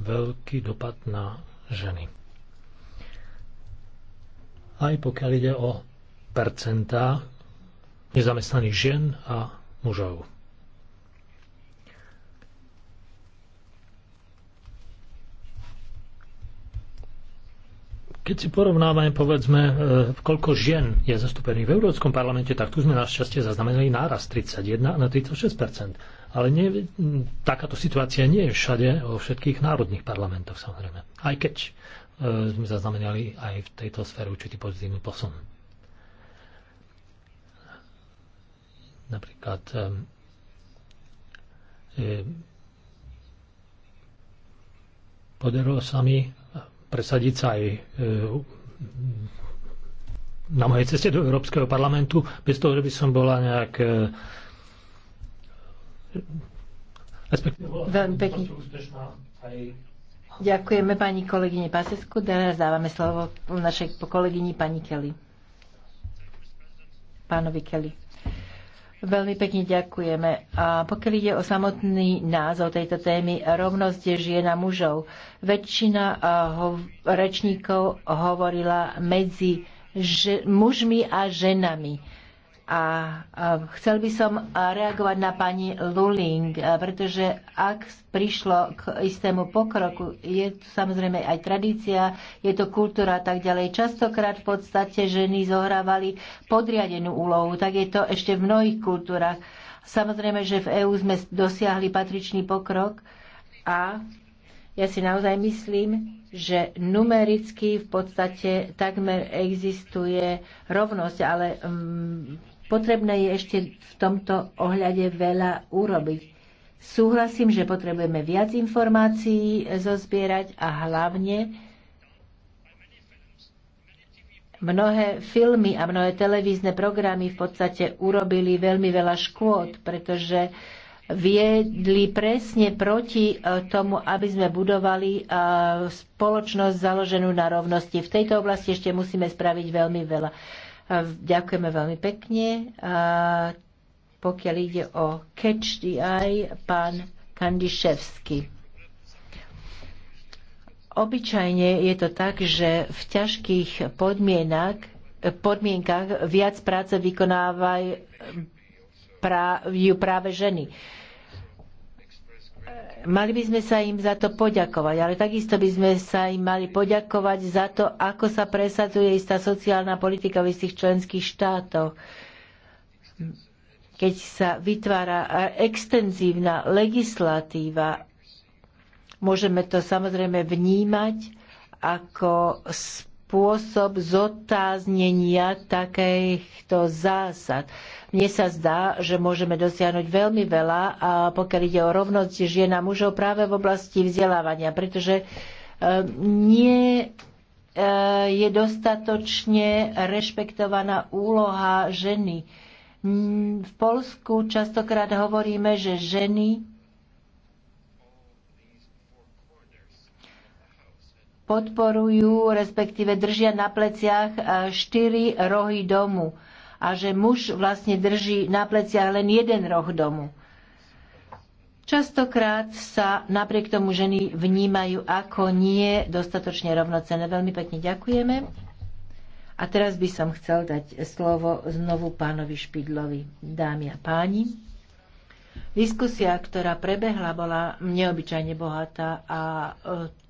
veľký dopad na ženy. Aj pokiaľ ide o percentá nezamestnaných žien a mužov. Keď si porovnávame, povedzme, e, koľko žien je zastúpených v Európskom parlamente, tak tu sme našťastie zaznamenali náraz 31 na 36 Ale nie, takáto situácia nie je všade vo všetkých národných parlamentoch, samozrejme. Aj keď e, sme zaznamenali aj v tejto sfére určitý pozitívny posun. Napríklad e, podarilo sa mi presadiť sa aj e, na mojej ceste do Európskeho parlamentu, bez toho, že by som bola nejak e, Veľmi pekne. Ďakujeme pani kolegyne Pasesku. Teraz dávame slovo našej kolegyni pani Kelly. Pánovi Kelly. Veľmi pekne ďakujeme. A pokiaľ ide o samotný názov tejto témy, rovnosť žien a mužov, väčšina hov- rečníkov hovorila medzi mužmi a ženami a chcel by som reagovať na pani Luling, pretože ak prišlo k istému pokroku, je tu samozrejme aj tradícia, je to kultúra a tak ďalej. Častokrát v podstate ženy zohrávali podriadenú úlohu, tak je to ešte v mnohých kultúrach. Samozrejme, že v EÚ sme dosiahli patričný pokrok a ja si naozaj myslím, že numericky v podstate takmer existuje rovnosť, ale um, Potrebné je ešte v tomto ohľade veľa urobiť. Súhlasím, že potrebujeme viac informácií zozbierať a hlavne mnohé filmy a mnohé televízne programy v podstate urobili veľmi veľa škôd, pretože viedli presne proti e, tomu, aby sme budovali e, spoločnosť založenú na rovnosti. V tejto oblasti ešte musíme spraviť veľmi veľa. Ďakujeme veľmi pekne. A pokiaľ ide o Catch the Eye, pán Kandiševsky. Obyčajne je to tak, že v ťažkých podmienak, podmienkach viac práce vykonávajú práve ženy. Mali by sme sa im za to poďakovať, ale takisto by sme sa im mali poďakovať za to, ako sa presadzuje istá sociálna politika v istých členských štátoch. Keď sa vytvára extenzívna legislatíva, môžeme to samozrejme vnímať ako sp- spôsob zotáznenia takýchto zásad. Mne sa zdá, že môžeme dosiahnuť veľmi veľa, a pokiaľ ide o rovnosť žien a mužov práve v oblasti vzdelávania, pretože e, nie e, je dostatočne rešpektovaná úloha ženy. V Polsku častokrát hovoríme, že ženy podporujú, respektíve držia na pleciach e, štyri rohy domu a že muž vlastne drží na pleciach len jeden roh domu. Častokrát sa napriek tomu ženy vnímajú ako nie dostatočne rovnocené. Veľmi pekne ďakujeme. A teraz by som chcel dať slovo znovu pánovi Špidlovi. Dámy a páni. Diskusia, ktorá prebehla, bola neobyčajne bohatá a e,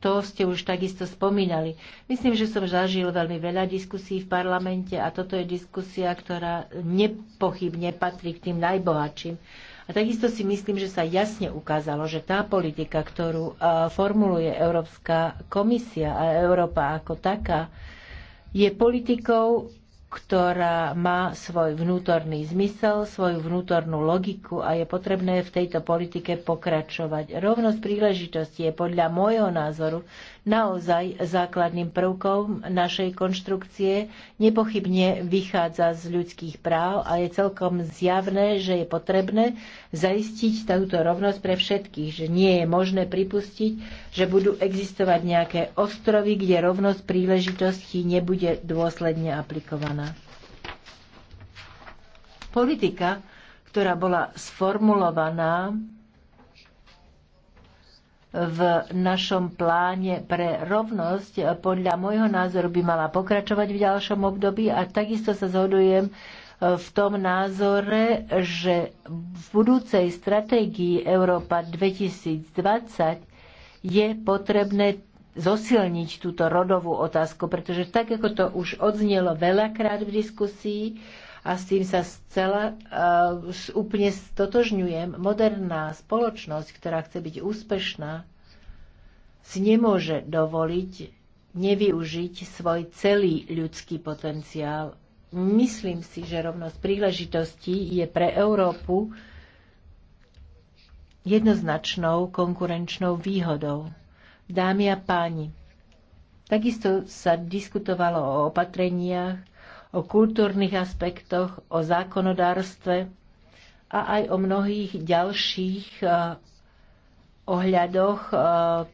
to ste už takisto spomínali. Myslím, že som zažil veľmi veľa diskusí v parlamente a toto je diskusia, ktorá nepochybne patrí k tým najbohatším. A takisto si myslím, že sa jasne ukázalo, že tá politika, ktorú e, formuluje Európska komisia a Európa ako taká, je politikou, ktorá má svoj vnútorný zmysel, svoju vnútornú logiku a je potrebné v tejto politike pokračovať. Rovnosť príležitosti je podľa môjho názoru naozaj základným prvkom našej konštrukcie, nepochybne vychádza z ľudských práv a je celkom zjavné, že je potrebné zaistiť túto rovnosť pre všetkých, že nie je možné pripustiť, že budú existovať nejaké ostrovy, kde rovnosť príležitosti nebude dôsledne aplikovaná. Politika, ktorá bola sformulovaná v našom pláne pre rovnosť, podľa môjho názoru by mala pokračovať v ďalšom období a takisto sa zhodujem e, v tom názore, že v budúcej stratégii Európa 2020 je potrebné zosilniť túto rodovú otázku, pretože tak, ako to už odznelo veľakrát v diskusii, a s tým sa zcela, uh, úplne stotožňujem. Moderná spoločnosť, ktorá chce byť úspešná, si nemôže dovoliť nevyužiť svoj celý ľudský potenciál. Myslím si, že rovnosť príležitostí je pre Európu jednoznačnou konkurenčnou výhodou. Dámy a páni, takisto sa diskutovalo o opatreniach, o kultúrnych aspektoch, o zákonodárstve a aj o mnohých ďalších eh, ohľadoch eh,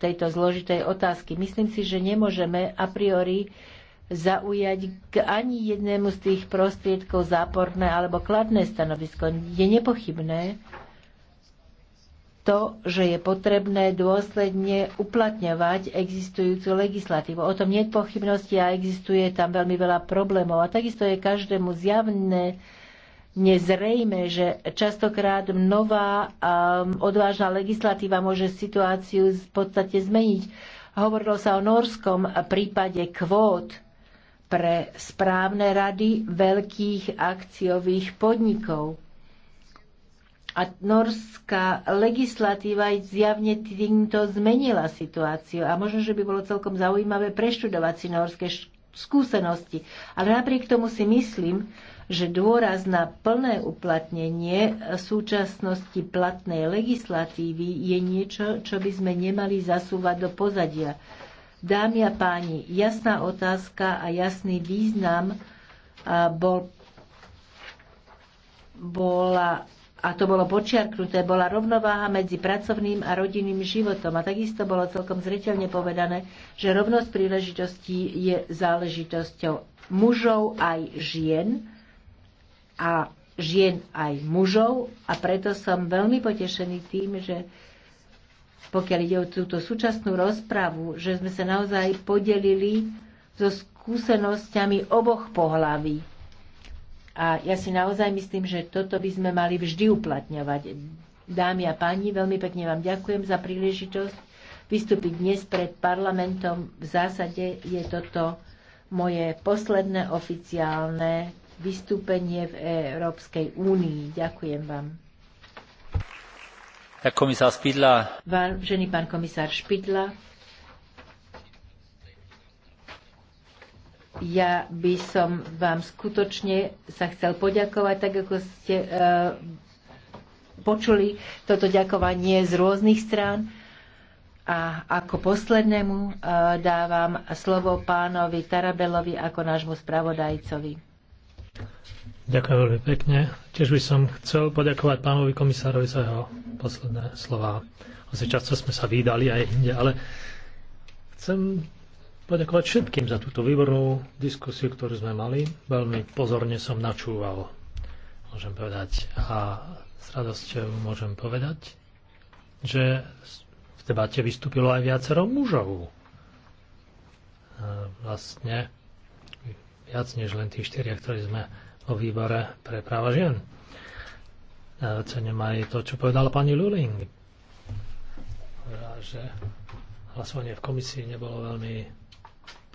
tejto zložitej otázky. Myslím si, že nemôžeme a priori zaujať k ani jednému z tých prostriedkov záporné alebo kladné stanovisko. Je nepochybné, to, že je potrebné dôsledne uplatňovať existujúcu legislatívu. O tom nie je pochybnosti a existuje tam veľmi veľa problémov. A takisto je každému zjavné, nezrejme, že častokrát nová um, odvážna legislatíva môže situáciu v podstate zmeniť. Hovorilo sa o norskom prípade kvót pre správne rady veľkých akciových podnikov. A norská legislatíva zjavne týmto zmenila situáciu a možno, že by bolo celkom zaujímavé preštudovať si norské skúsenosti. Ale napriek tomu si myslím, že dôraz na plné uplatnenie súčasnosti platnej legislatívy je niečo, čo by sme nemali zasúvať do pozadia. Dámy a páni, jasná otázka a jasný význam bol, bola a to bolo počiarknuté, bola rovnováha medzi pracovným a rodinným životom. A takisto bolo celkom zreteľne povedané, že rovnosť príležitostí je záležitosťou mužov aj žien a žien aj mužov a preto som veľmi potešený tým, že pokiaľ ide o túto súčasnú rozpravu, že sme sa naozaj podelili so skúsenosťami oboch pohlaví a ja si naozaj myslím, že toto by sme mali vždy uplatňovať. Dámy a páni, veľmi pekne vám ďakujem za príležitosť vystúpiť dnes pred parlamentom. V zásade je toto moje posledné oficiálne vystúpenie v Európskej únii. Ďakujem vám. Herr Kommissar Spidla. Vážený pán komisár Špidla, Ja by som vám skutočne sa chcel poďakovať, tak ako ste e, počuli toto ďakovanie z rôznych strán. A ako poslednému e, dávam slovo pánovi Tarabelovi ako nášmu spravodajcovi. Ďakujem veľmi pekne. Tiež by som chcel poďakovať pánovi komisárovi za jeho posledné slova. Asi často sme sa vydali aj inde, ale chcem poďakovať všetkým za túto výbornú diskusiu, ktorú sme mali. Veľmi pozorne som načúval, môžem povedať. A s radosťou môžem povedať, že v debate vystúpilo aj viacero mužov. E, vlastne viac než len tých štyria, ktorí sme o výbore pre práva žien. E, cením aj to, čo povedala pani Luling. Že hlasovanie v komisii nebolo veľmi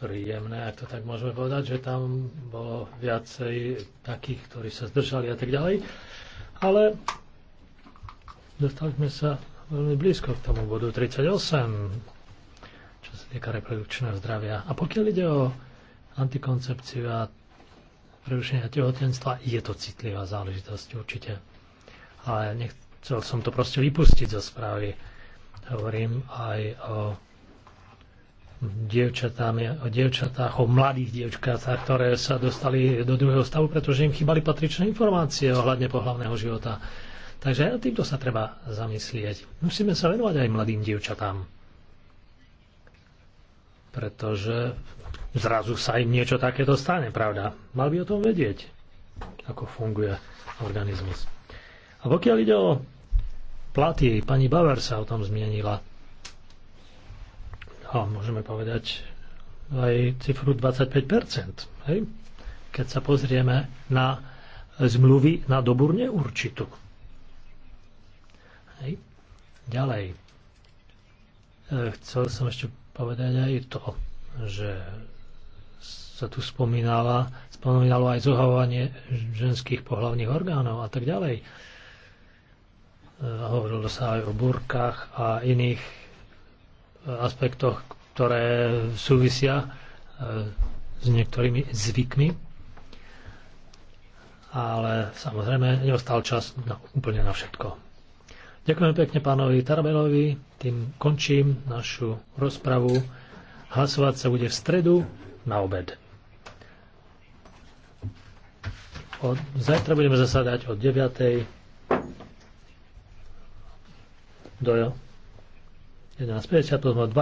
príjemné, ak to tak môžeme povedať, že tam bolo viacej takých, ktorí sa zdržali a tak ďalej. Ale dostali sme sa veľmi blízko k tomu bodu 38, čo sa týka reprodukčného zdravia. A pokiaľ ide o antikoncepciu a prerušenia tehotenstva, je to citlivá záležitosť určite. Ale nechcel som to proste vypustiť zo správy. Hovorím aj o dievčatám, o dievčatách, o mladých dievčatách, ktoré sa dostali do druhého stavu, pretože im chýbali patričné informácie ohľadne pohľavného života. Takže aj týmto sa treba zamyslieť. Musíme sa venovať aj mladým dievčatám. Pretože zrazu sa im niečo takéto stane, pravda? Mal by o tom vedieť, ako funguje organizmus. A pokiaľ ide o platy, pani Baver sa o tom zmienila, a môžeme povedať aj cifru 25 hej? keď sa pozrieme na zmluvy na dobu neurčitú. Hej? Ďalej. E, chcel som ešte povedať aj to, že sa tu spomínala, spomínalo aj zohavovanie ženských pohlavných orgánov a tak ďalej. E, hovorilo sa aj o burkách a iných aspektoch, ktoré súvisia e, s niektorými zvykmi. Ale samozrejme, neostal čas na, úplne na všetko. Ďakujem pekne pánovi Tarabelovi, tým končím našu rozpravu. Hlasovať sa bude v stredu na obed. Od, zajtra budeme zasadať od 9. do z 50 to 12.